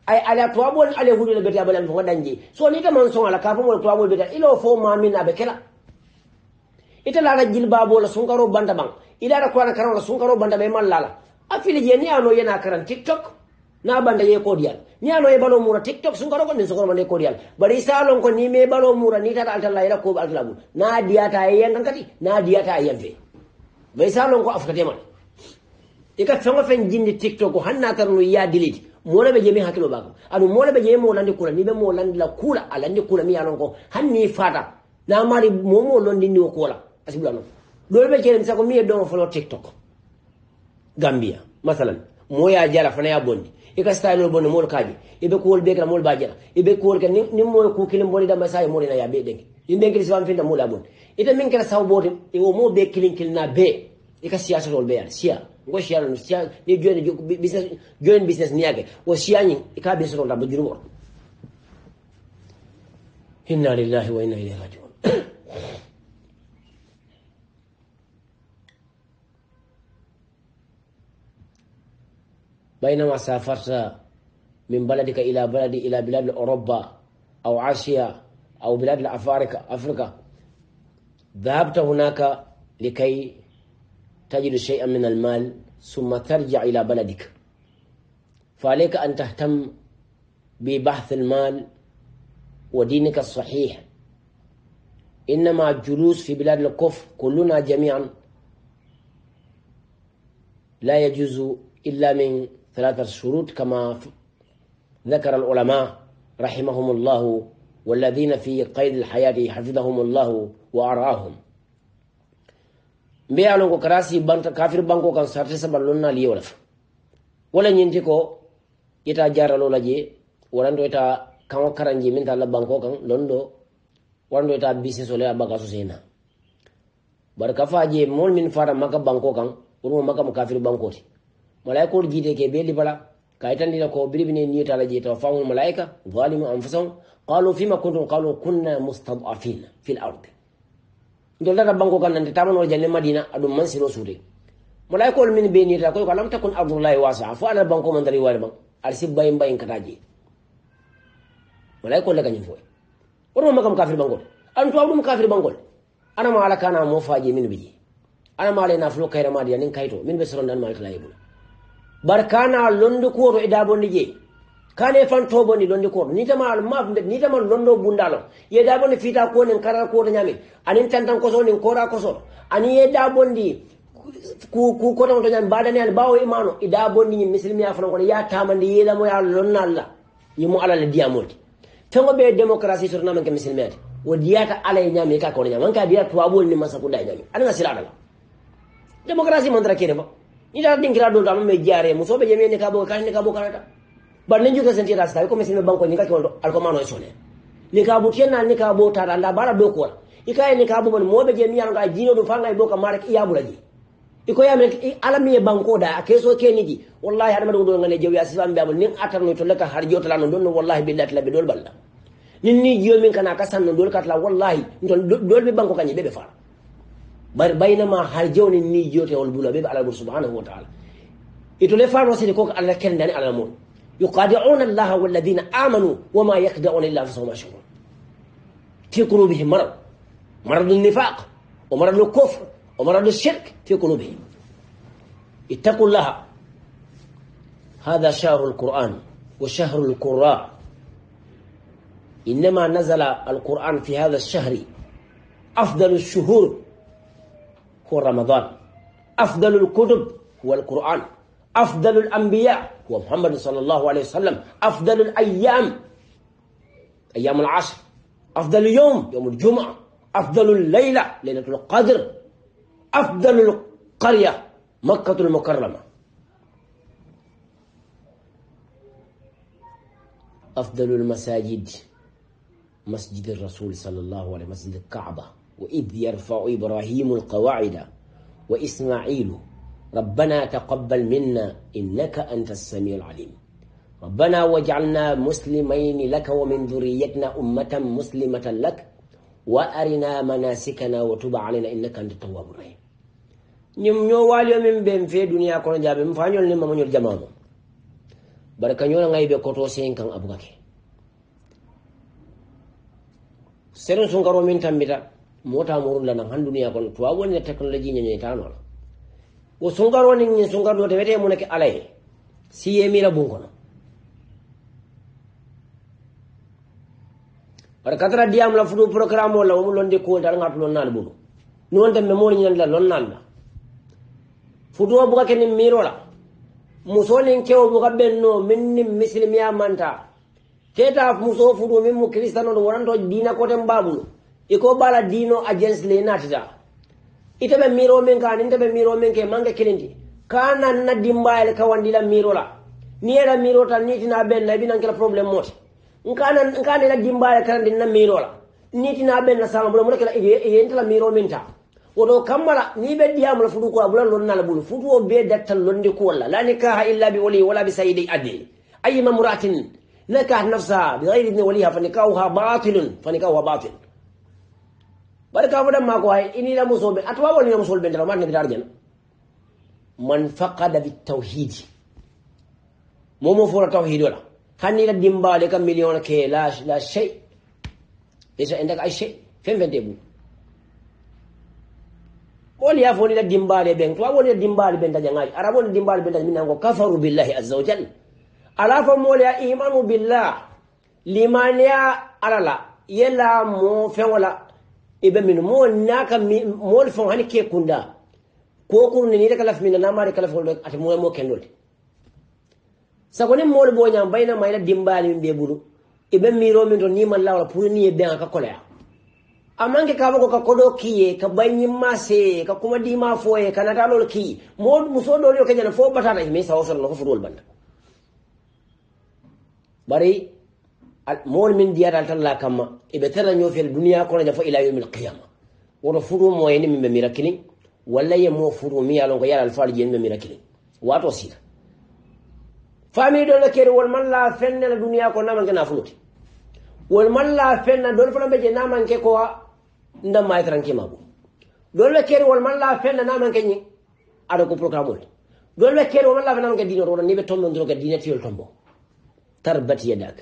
ay ala tubabol ala huɗo la betiya baliya fo ga so ni tamon so ala ka fo mola tubabol beteya ilo fo maminaɓe kela ita lala jilbabo la sunkaro banda ko ilaɗa kurana la sunkaro banda ɓe mallala afili a ni ano yena karan tiktok na banda ye cordial nyalo e balo mura tiktok sun karo ko min sokoro mande kodial bari sa lon ko ni me balo mura ni tata alta layra ko alta labu na dia ta e yan kati na diata e yan fe bari lon ko afka e ka fengo fen jindi tiktok ko hanna tar no ya dilit mona be jemi hakilo bako anu mona be jemi mo landi kula ni be mo landi la kula ala alandi kula mi yalon ko hanni fata na mari mo momo londi ni ko la no do be kelen ko mi e don folo tiktok gambia masalan moya jara fana ya bondi i ka style bonne mol kaje i be kuwol be kala mol bajela i be kuwol ke ni mol ku kilim boli da masay mol na ya be dengi i be kilis wan finda mol abon ita min kala saw bote i wo mo be kilin kilna be i ka siyasa rol be ya siya ngo siya no siya ni join business join business ni yake wo siya ni i ka business rol da bujuru inna lillahi wa inna ilaihi raji'un بينما سافرت من بلدك إلى بلد إلى بلاد أوروبا أو آسيا أو بلاد أفريقيا أفريقيا ذهبت هناك لكي تجد شيئا من المال ثم ترجع إلى بلدك فعليك أن تهتم ببحث المال ودينك الصحيح إنما الجلوس في بلاد الكفر كلنا جميعا لا يجوز إلا من ثلاثة شروط كما ذكر العلماء رحمهم الله والذين في قيد الحياة حفظهم الله وأراهم mbe alon ko karasi banta kafir banko kan sarte sabar lonna liye wala fa wala nyinti ko ita jara lola je warando ita kan karanje min talla banko kan londo warando ita business wala baga so sena bar kafa je mol min fara maka banko kan urmo maka mo kafir banko ti malaikol jiite ke beli be libala dina ko biribine niyotala jeeta famul malaika zalimu anfusum qalu fima kuntum qalu kunna mustad'afin fil ardi daga banko kan nante tamano jalle madina adum man silo malaika ol min be niyota koy ko lam takun abdullahi wasa fa ana banko man dari waade ban sib bay mbayin kata jee malaikol daga foye orang mama makam kafir bangol an kafir bangol anama ala kana mo faji min biji jee anama ala ena fulo kayra kayto min ɓe soronde an barkana londo koro e dabonde jeeyi kane fanto bonde londe koto nitama maf nitama londo bundalo ye fita fiita konen karar koto nyami, anin tantan koso nin kora koso ani ye dabondi ku koton to ñamin badani al bawo imano i e dabondi ñin misilimiya fana kono ya, ya tamande yelamo ya lonna allah yimo ala le diyamolti fengo ɓe démocratie sotonamanke misilimiade ya wo diyata ala e ñami ka kono ñami an ka diya tuwabol ni masakunda e nyami ananga sila adala démocratie mantara kere ila dingira do dama me jare muso be jeme ne kabo kan ne kabo kanata banne juga senti rasta ko mesin banko ni ka ko al ko mano isone ni kabo tiena ni kabo ta nda bara do ko ikaye ni kabo bon be jeme yaro ga jino do fanga e boka marak iya bulaji iko ya me alami e banko da keso ke ni ji wallahi adama madu do ngane jewi asifam be amul nin atar no to laka har jotala no don wallahi billahi la be dol balla ni ni jiyo min kana kasan no dol katla wallahi dol be banko kanyi be be fara بينما هرجون النيجيوت والبولا بيب على رب سبحانه وتعالى إتو لفار وسيد كوك على كن داني على مون يقادعون الله والذين آمنوا وما يقدعون الله فسهم أشهر في قلوبهم مرض مرض النفاق ومرض الكفر ومرض الشرك في قلوبهم اتقوا الله هذا شهر القرآن وشهر القراء إنما نزل القرآن في هذا الشهر أفضل الشهور هو رمضان أفضل الكتب هو القرآن أفضل الأنبياء هو محمد صلى الله عليه وسلم أفضل الأيام أيام العشر أفضل يوم يوم الجمعة أفضل الليلة ليلة القدر أفضل القرية مكة المكرمة أفضل المساجد مسجد الرسول صلى الله عليه وسلم مسجد الكعبة وإذ يرفع إبراهيم القواعد وإسماعيل ربنا تقبل منا إنك أنت السميع العليم ربنا واجعلنا مسلمين لك ومن ذريتنا أمة مسلمة لك وأرنا مناسكنا وتب علينا إنك أنت التواب الرحيم ñim ñoo waalio min ɓen fe duniya kono jaaɓe mi fañol ni mamañol jamamo bara kañola ngay ɓe koto sen kan abugake سيرن سونغارو مين tambita mota morulla nan han duniya kono to wawonne technologie ñañetanol o sungaroni sungarno te wete munake alaye siyemila bon kono par katra diyam la fudu programme o la omu londe kool tal ngatu lonnal bunu non tan me moori ñanla lonnal la fudu o bugake nin mirola musolin kewo buga benno min nin muslimiya manta keta muso fudu min mu cristiano do wonanto dina koten babulu iko bala dino agents le natita ite be miro men kani nte be miro men ke manga kilindi kana na la miro la ni era mirota nitina benna ibinankela na moti problem mot karandinna nkana nitina benna samabula ka kela na miro la ni na miro men ta woto kammala ni ɓe ɗiyamula fudu ko a la lonnala fudu o be dattal londi ko la ha illa bi wali wala bi sayyidi adi ayima muratin nakah nafsa bi gayri idni waliha fanikahu batilun fanikahu nikahuha batil bari ka fodan mako hay ini la muso be atwa wol ni muso be ndara man ngi arjana man faqada bit tawhid momo fura tawhid wala hanni la dimbale ka million ke la la shay isa indaka ay shay fen fen debu wol ya foni la dimbale ben twa wol ya dimbale ben daja ngai ara wol dimbale ben daja minango kafaru billahi azza wa jalla ala fa mol ya imanu billah liman ya alala yela mo fen wala ibamin mool naaka mool fo hani ke kunda kokuru ne nira kalaf mina namare kalaf holdo ate mo mo kenolde sago ne mool boña bayna mayla dimbali be budu ibam miro min to niman lawla pour ni be ka kolaya amange ka bako ka kodo kiye ka bayni ma se ka kuma di ma foye kana dalol ki mo muso dolio kenya fo batana mi sawo sallo ko furul banda bari المؤمن ديار الله كما ابتلى نيو في الدنيا كون جفا الى يوم القيامه ورفضوا موين من ميراكلين ولا يمو فرو ميا لو غير الفارج من ميراكلين واتو سي فامي دول كير والمن لا فن الدنيا كون ما كنا فلوت والمن لا فن دول فلا بجي نا مان كي كو ندم ماي ترانكي ما بو دول كير والمن لا فن نا مان كني ادو كو بروغرامول دول كير والمن لا فن نا مان كدينو رو ني بتوم نون دروك تومبو تربت يداك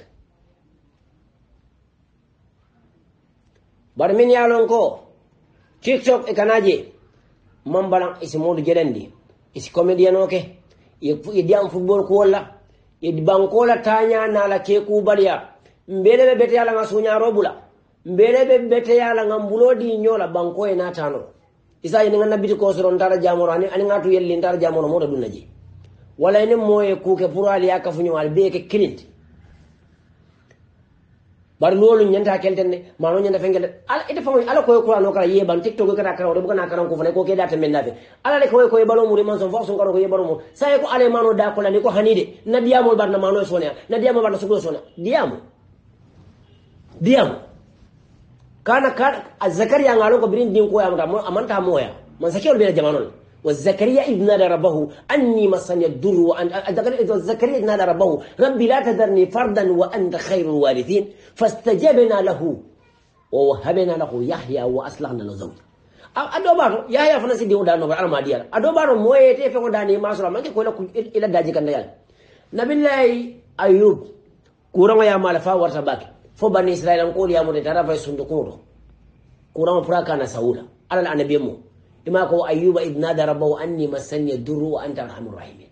bara min yalon ko tiktok e kanaje mambalan isi modu jeɗandi isi comédien oke e diyam football ko wolla e bankola taña nala ke kubaɗiya mbeɗeɓe bete yalaga suñarobula mbeɗeɓe bete yalaga mbuloɗi ñola banko e natano isa ininga nabbiti kosoron tara jamoro aniŋatu yellin tara jamoro moɗa ɗunaji wala ene moye kuke pour aliya kafuñoali beeke clint bari nolu nyanta kelten ne mano nyanta fengel ala ite famo ala koy n'o kala ye ban tiktok kala kala bugana akaran ko fane ko ke data men nafe ala le koy koy balo muri man son fo son ko ye balo mu sai ko ale mano da ko la ni ko hanide na diamo bar na mano sonya na diamo bar na sugo sonya diamo diamo kana kana zakariya ngalo ko birin din ko ya amanta moya man sakiyol be jama'nol وزكريا ابن ربه اني مصني الدر وان زكريا ابن ربه ربي لا تذرني فردا وانت خير الوالدين فاستجبنا له ووهبنا له يحيى واصلحنا له زوج ادوبارو يحيى فنسي دي ودانو على ما ديال ادوبارو موي تي فيكو داني ما شاء ماكي كولا الى داجي كان ديال نبي الله ايوب كورون يا مال فا ورتا باكي فو بني اسرائيل نقول يا مولاي ترى في صندوق كورون فراكا انا ساولا على النبي مو imako ayuba id nada rabbahu anni massaniya durru wa anta arhamur rahimin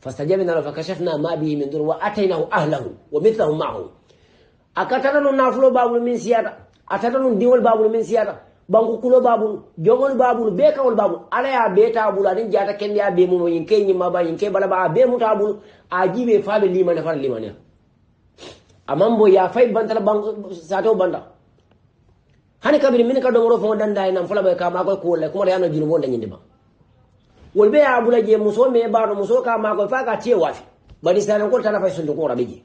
fastajabina lahu fakashafna ma bihi min durru wa ataynahu ahlahu wa mithlahum maahum akatatanu nafulo babulu min siyata atatanu diwol babulu min siyata banku kulo babulu jogol babulu be kawol babulu alaya be tabulu adin jata kenya be mumo yin ke yimma ba yin ke balaba a be mu tabulu a jibe faɓe limane fara limanea amambo ya fay bantala banu sato bantala hani kabiri min ka domoro fo danda ina fula be ka ma ko ko le kuma yana jinu bonda nyinde ba wol be abula je muso me ba no muso ka ma ko fa ka tie wafi bani sala ko tana fa sundu ko rabiji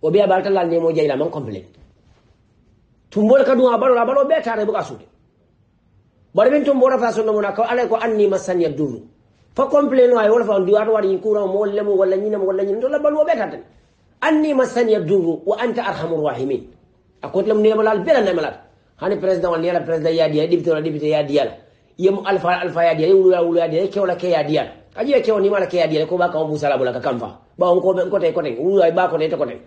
o be abal lal ne mo jeyla man complain tumbol ka duma balo balo be tare bu kasude bar min tumbora fa sundu mona ko ale ko anni masan ya yaduru fa no ay wol fa ndi wadu wadi kura mo le mo wala nyina mo wala nyina to la balo be tatan anni masan ya yaduru wa anta arhamur rahimin a kotlam nemalal bela nemalal hani président wala yala président ya diya député wala député ya diya la yemu alpha alpha ya diya wulu wulu ya diya kewla ke ya diya ajiya kewo ni mala ke ya diya ko ba ka bu sala bula ka kanfa ba on ko be ko tay ko tay wulu ay ba ko tay to ko tay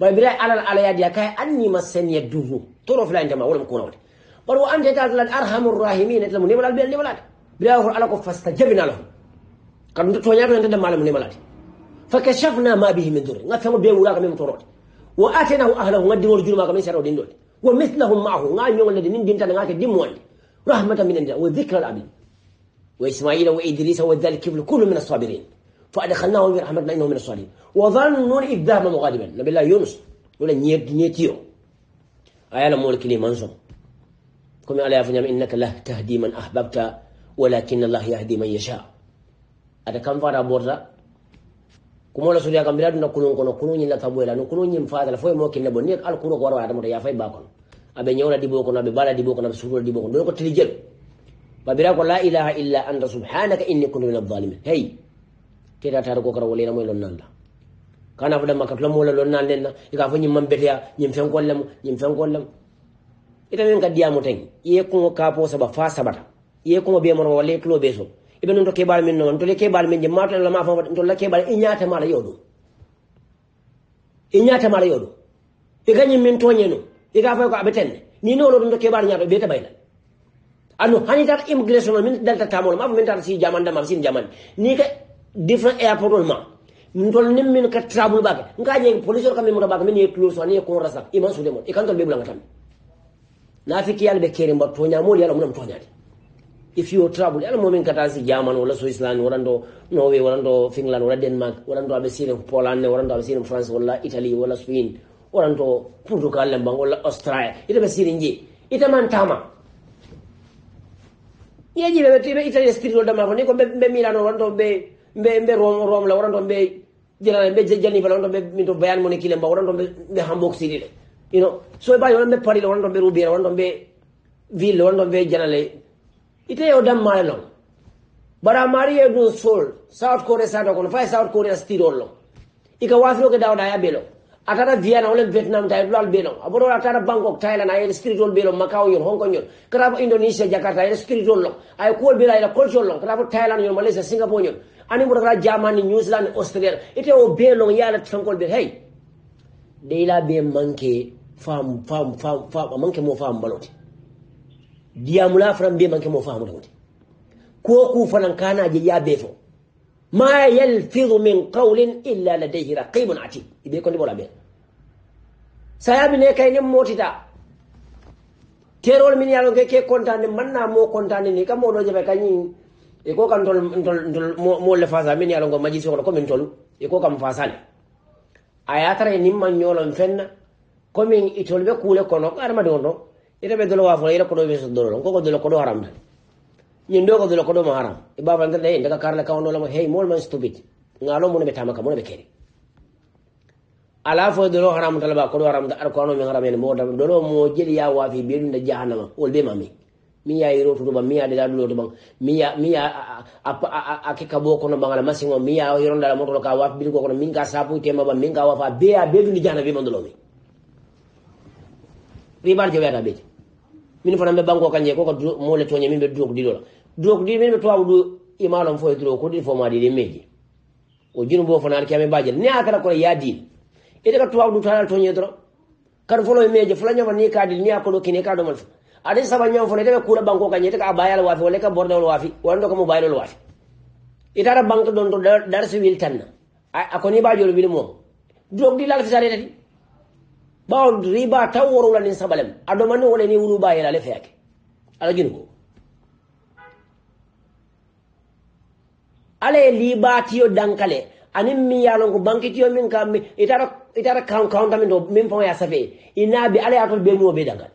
ba bira alal ala ya diya kay anni ma sen ya duhu toro flan jama wala ko nawde bar wa anta ta'ala arhamur rahimin atlamu nemalal bela nemalal bira ko ala ko fastajabna lahu kan to nyato nda malam nemalal fakashafna ma bihi min dur ngafa mo be wura ka mem torode واتناه اهله ما دينوا جرما ما يسروا دين دول ومثلهم معه غا نعم، يوم الذي من دين تنغاك ديمون رحمه من عند وذكر العبيد واسماعيل وادريس وذلك كفل كل من الصابرين فادخلناهم في رحمتنا انهم من الصالحين وظنوا اذ ذهب مغادبا نبي الله يونس ولا نيت نيتيو ايالا مول كلي منظم كم على يفنم انك لا تهدي من احببت ولكن الله يهدي من يشاء هذا كان فارا بورزا kumola suli aka miradu na kulun kono kununyin la tabuela no kununyin fada la foy mo kinne bon nek al kuno waro adam ya fay bakon abe nyola dibo kono abe bala dibo kono abe suru dibo kono ko tili jel babira ko la ilaha illa anta subhanaka inni kuntu minadh zalimin hey keda tar ko kara wolena moy lon nanda kana fada makka to mola lon nan lenna ika fanyi mambete ya nyim fen kollam nyim fen kollam ita men kadiya mo tan ye ko kapo saba fa sabata ye ko be mo wala klo be so ibe non to kebal min non to le kebal min je mato la ma fa to la kebal inyata mala yodo inyata mala yodo e ganyi min to nyeno e ga fay ko abeten ni no lo don to kebal nyato be bayla anu hanitar immigration min dalta tamol ma min tar si jaman dama sin jaman ni ke different airport ma ntol nim min ka travel bag nga je police ko min mo bag min ye close ani ko rasa iman sulemon e kan to be bulanga tan nafikiyan be kerim ba to nyamol yalla mo am to if you travel ala momin kata si german wala switzerland waranto norway waranto finland wala denmark waranto aɓe sirin poland ne waranto aɓe sirin france wala italy wala spain waranto portugal le ban wala australia ita ɓe sirin je ita man tama yeji ɓe ɓe italie spirit wol damana fo ni ko ɓe milano waranto ɓe ɓe ɓe rome la waranto ɓe jelana ɓe janifa la waranto ɓe min to bayan mone kile mba waranto ɓe hamburg city le you know so ɓe ɓaɗi waranto ɓe paris le waranto ɓe roubie le waranto ɓe ville le waranto ɓe janale ite yo dam mala long bara mari ye dun sol south korea sa kono fay south korea stirol long ika wafiro ke dawda ya belo atara viana wala vietnam tay lol belo aboro atara bangkok thailand ay spiritual belo macau yon hong kong yon kala indonesia jakarta ay spiritual long ay ko bela ay culture long kala thailand yon malaysia singapore yon ani mo kala germany new zealand australia ite o belo yala trankol bel hey de la be manke fam fam fam fam manke mo fam baloti diyamula fanan be manke mo faamude wode ko ku fanan kanaje yabe fo ma yalfidu min qawlin illa ladayhi raqibun atid ibe ko ndibola ɓen sayabi ne kayne motita terol min yalo ke ke contane manna mo contane ni kam moɗo jaɓe kañi e ko kam tol tol tol molle fasa min yalo ngo maji sokoto komin tolu e ko kam fasale a yatara e nimman ñolon fenna komin itol ɓe kuule kono armadi on ɗo ira be dolo wa fo ira kodo be so dolo ko dolo kodo haram da nyin do ko dolo kodo ma haram iba baba ndar dai daga karla kawono la mo hey mol man stupid ngalo mo ne be tamaka mo be keri ala fo dolo haram dala ba kodo haram da ar kono mi haram en mo da dolo mo jeli ya wa fi be nda jahannama wol be mami mi ya iro to ba mi ya da dulo to ban mi ya mi ya ake kabo kono bangala masingo mi ya yiro ndala mo dolo ka wa bi ko kono min ka sapu tema ba mi ka wa fa be ya be nda jahannama be man dolo mi ribar jawata beje min fana be banko kanje ko ko mole tonya min be dok lola dok dilo min be du imalo fo e dilo ko di fo ma di meji o jinu bo fana kiyame baje ne akara ko ya di ede ka tawdu tan tonya dro kar fo e meje fulanya man ni kadil ni akolo kine ka do man ade saba nyam fo ede kura banko kanje te ka bayal wafi wala ka bordal wafi wala ko mo bayal wafi itara banko don to dar se wil tan akoni bajo wil mo dok fi sare tati ɓaw riba taw worola nin sabalem adomani woleni wulu bayel ale feyake ala jinugo ala ye libatiyo dankale anin min yalonko bankitiyo min ka itara kawntamin to min fawaya safe inaabi ala yatol ɓenuwo be dangal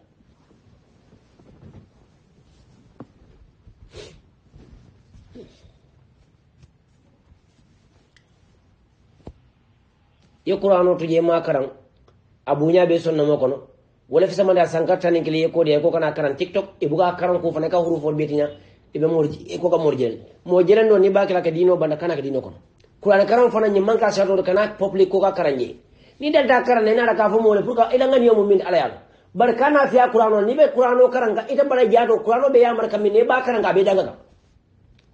yo qouran o to jeema karan Abunya beso sonnamo kono wala fi samanda sankartani kili ye kodi ko kana karan tiktok e buga karan ko fana ka hurufol betiña ibe morji e ko ka morjel mo jelen do ni bakila ka dino banda kana ka dino kono kurana karan fana nyi manka sa do kana public ko ka karanye ni dalta karan ne nara ka fo mo le puka ila ngani ala yalo kurano ni be kurano karan ka ita bara jado ya kurano be ya marka min ne ba karan ka be daga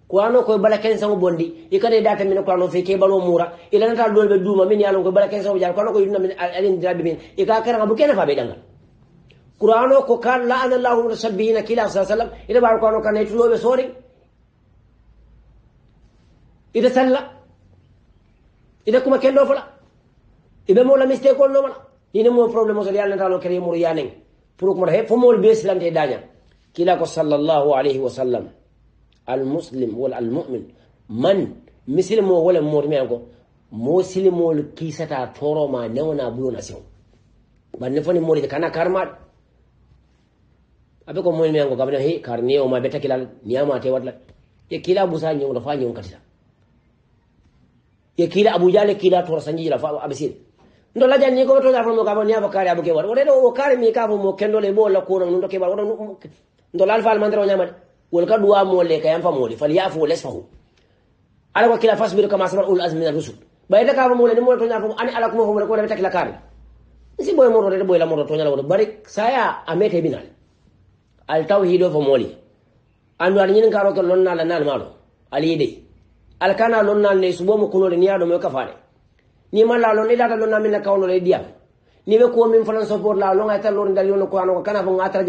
qur'ano koye bala kensaŋo bondi i kada i data min qur'ano fe kebalo mura ilanata dool ɓe duuma min yalon koye bala kensaŋo jaar qur'ano ko yiduna min alindiraɓe min i ka karaŋa bu kenafa ɓe ɗangal qur'ano ko ka laana llahu mutasabihina kila sa sallam ita ɓaaro qur'ano kana ituloɓe soori ita salla ita kuma kendo fula iɓe mola mistake ol nomala ine mo probléme o so yalnatalo kere muru yanen pour kumata he fo mowol be silamte daña kila ko sallllahu alayhi wa sallam almuslim musulmán almumin man misilimo wala mormiyanko mo silimol musulmán? toroma newna buyona de banne foni morite kana karmaɗo aɓe ko mormiyanko gabna he karneo ma betta kilal niyamate watla ye kila busa ñewno fa ñew katita ye kila la janni ko to da fomo kabo mi kendo le no ndo ke bar wore walka dua mo le kayan fa le fal yafu wa lesfahu ala wa kila fasbiru kama asmar ul azmi rusul bay da ka fa le ni mo to ani ala kuma ho mo ko da ta kan si boy mo rode boy la mo to nyala saya amete binal al tawhidu fa mo le andu ar nyin karo ko lon na la nal ma ali de al kana lon na ne subo mo ko lo ni do mo ka fa le ni ma la lo ni da lo na mi ka wono le diam ni be ko min fa support la lo ngata lo ndal yo no ko an ko kana ngata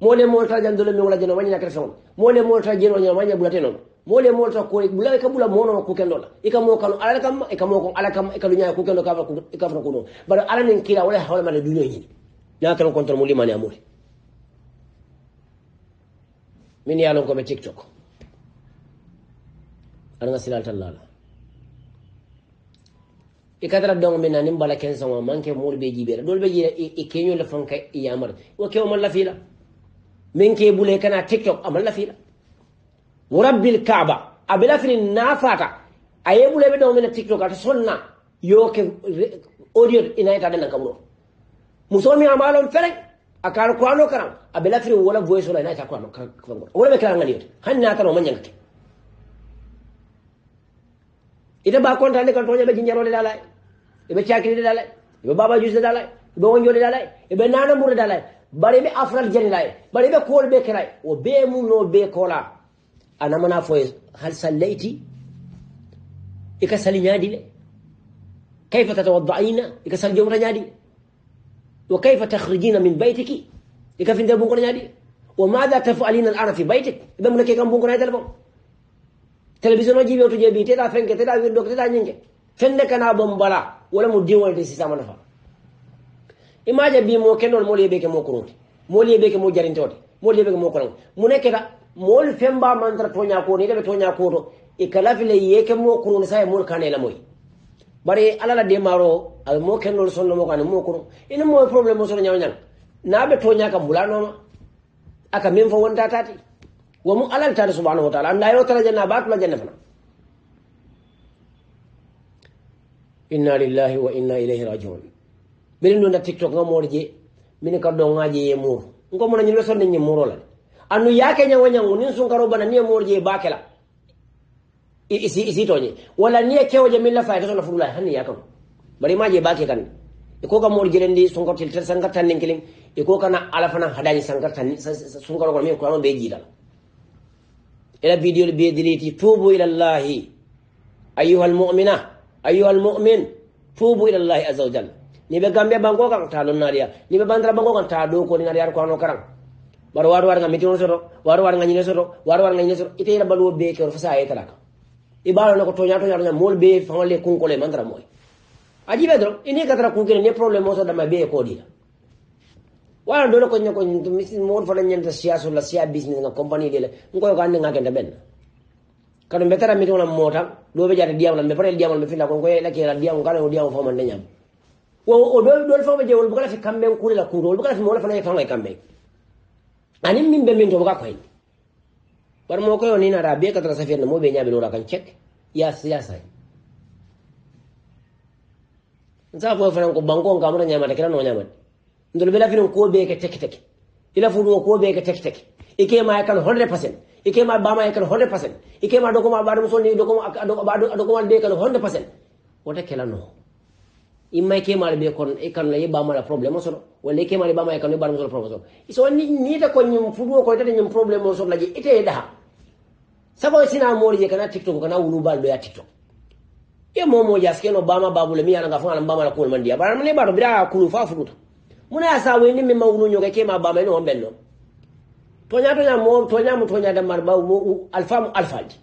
mole molta jandole mi wala jeno wanya kare son mole molta jeno wanya wanya bulate non mole molta ko bula ka bula mono ko kendo la ika mo kan ala kam ika mo kan ala kam ika lunya ko kendo ka ba ika fana kuno bar ala nin kila wala hawla ma dunya yi na kan kontrol muli mani amule min yalon ko be tiktok aranga silal tallala i katara dɔŋ min na ni bala kɛn sɔŋɔ man kɛ moolu be jibeera doolu be jira i keño le faŋ ka i yamar wo kewo man lafii la min ke bule kana tiktok amal lafila warabbil kaaba abila fini nafata aye bule be do min tiktok ata sonna yo ke audio ina ita den kabulo musomi amalon fere akal qur'ano karam abila fini wala voice wala ina ita qur'ano karam wala be karam ngani hanna tan o manyan ke ita ba konta ne kan tonya be jinjaro de dalai be chakri de dalai be baba jus de dalai be wonjo de dalai be nana mur de dalai bare be afral janilay bare be kol be kiray o be mum no be kola ana mana foye hal sallayti ikasali nyadi le كيف تتوضعين يكسل جمرة نادي وكيف تخرجين من بيتك يكفي ندير بونكر نادي وماذا تفعلين الآن في بيتك إذا منك كم بونكر نادي تلفون تلفزيون جيبي وتجيبي تدا فنك تدا ويدوك تدا نينك فنك أنا بمبلا ولا مدين ولا تسيسا منفعل imaje bi mo kendol mol yebe ke mo kurunde mol yebe ke mo jarintode mol yebe ke mo kurunde mune keda mol femba mantra tonya ko ni debe tonya ko to ikalafile e yeke mo kurunde sai mol kanela moy bare alala de maro al mo kendol sonno mo kan mo kurun ina mo problem so nyaw nyaw na be tonya ka bulano aka min fo wonta tati wa mu alal ta subhanahu wa ta'ala anda yo tala janna ba tala janna fana inna lillahi wa inna ilaihi raji'un bele no na tiktok nga mor je min ka do nga je mur ngo mo na nyilo son ni muro la anu yake nya wanya ngunin sun karo bana ni mor je bakela isi isi to je wala ni kewo je min la fa ka son fulula hanni yakam bari ma je bake kan iko ka mor jelen di sun ko til san ka tan ninkiling iko kana ala fana hadani san ka tan sun karo ko mi ko be jida ila video be diliti tubu ila allah ayyuha almu'mina ayyuha almu'min tubu ila allah azza wa jalla nibe gambia banko kan ta non nariya nibe bandra banko kan ta do ko ni ngari ko no karang waru war war nga mitino soto war war nga nyine soto war war nga nyine soto ite ira balwo be ke fa sa ay talaka ibalo nako to nyato nyato mol be fa kun ko le mandra moy aji be do ini ka tra ku ke ne problem so da ma be ko di wala do ko nyako to misin mon fa nyen nyanta siya la siya business na company de le ngoy ko ande nga ke ben kadu mbetara mitino la motam do be jare diam la me pare diam la me fina ko ngoy la ke la diam kala o diam fo man nyam o ɗo ɗon fof ɓe je wol bogala fi kamɓe kurela kuuro wol bogala fi mola fana ye kanga e kamɓe ani min ɓe min tomoka koyni war mo koyo ni nara be katara safiyat na mo ɓe ñaɓe lora kan cek ya siyasay sa fo fanan ko 100 on kamata ñamata kira no ñamata ndol 100 lafinen ko ɓe ke teke teke ila fu ɗum ko ɓe ke teke teke ikema e kan hundred percent ikema bama e kan hundred percent ikema dokoma ɓaɗum sonni dokoma 100 ɓe kan hundred percent wota kelano imma ke mala be kon e kan la yeba mala problème so wala ke mala ba ma kan yeba mala problème so iso ni ni ta ko nyum fudu ko ta nyum problème so la je ite da sabo sina mori je kana tiktok kana wulu bal do ya tiktok e mo mo ya skeno ba ma babule mi ana ngafana ba mala ko man dia ba ne ba do bira ku fa fudu muna sa we ni mi ma wulu nyoga ke ma ba ma no bello tonya tonya mo tonya mo tonya da marba alfa alfaji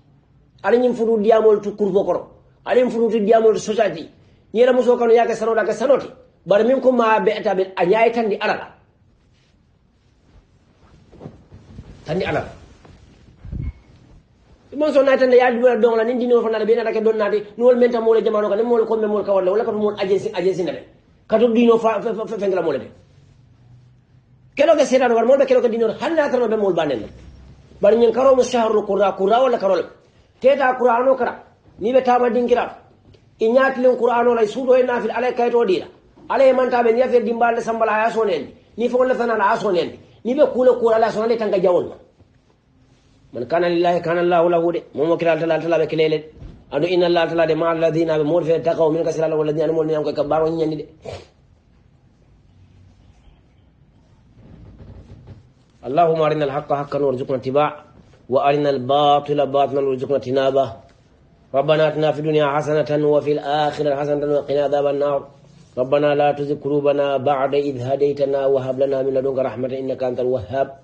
ala nyum fudu diamol tu kurbo koro ala nyum fudu diamol society yela muso kanu yake sano la ke sanoti bar min kum ma be'ta bil anyai tan di alala tan di alala mon so natan da yadu wala dong la nin dino fana be na ke don nati nol menta mole jamano kan mole ko me mole ka wala wala ko mole agency agency na be kato dino fa fa fengla mole de kelo ke sera no mol be kelo ke dino hanna tan be mol banen bar nyen karo mo shahru qura qura wala karo teta qur'ano kara ni be tama din iñatilin qur'ano lay suuɗo e nafil alay kayto ɗiɗa ala e manta ɓen yafe dimbal sambala aya sonendi ni fon fo lefanala a sonendi ni ɓe kuule kuura ala sonale tanga jawol man kana lillahi kana llahu lahu de momo kila altala altala ɓe kelele de ando inna llah altala de ma alladina ɓe moɗo fede takaw min kasirala walladina ande molminam koy kabbaro ñiñandi de allahuma arina alhaqa haqqan warzuqna tibaa wa arina albatila batilan warzuqna tinaba ربنا اتنا في الدنيا حسنة وفي الآخرة حسنة وقنا عذاب النار ربنا لا تزغ قلوبنا بعد إذ هديتنا وهب لنا من لدنك رحمة إنك أنت الوهاب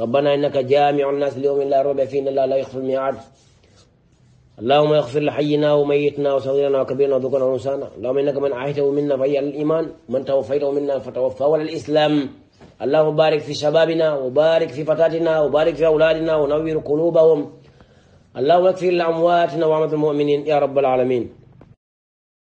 ربنا إنك جامع الناس ليوم لا ريب فيه إن الله لا يخفي الميعاد اللهم اغفر لحينا وميتنا وصغيرنا وكبيرنا وذكرنا ونسانا اللهم انك من احيته منا فهي الايمان من توفيته منا فتوفى ولا الاسلام اللهم بارك في شبابنا وبارك في فتاتنا وبارك في اولادنا ونور قلوبهم اللهم اكفر الأموات وعامة المؤمنين يا رب العالمين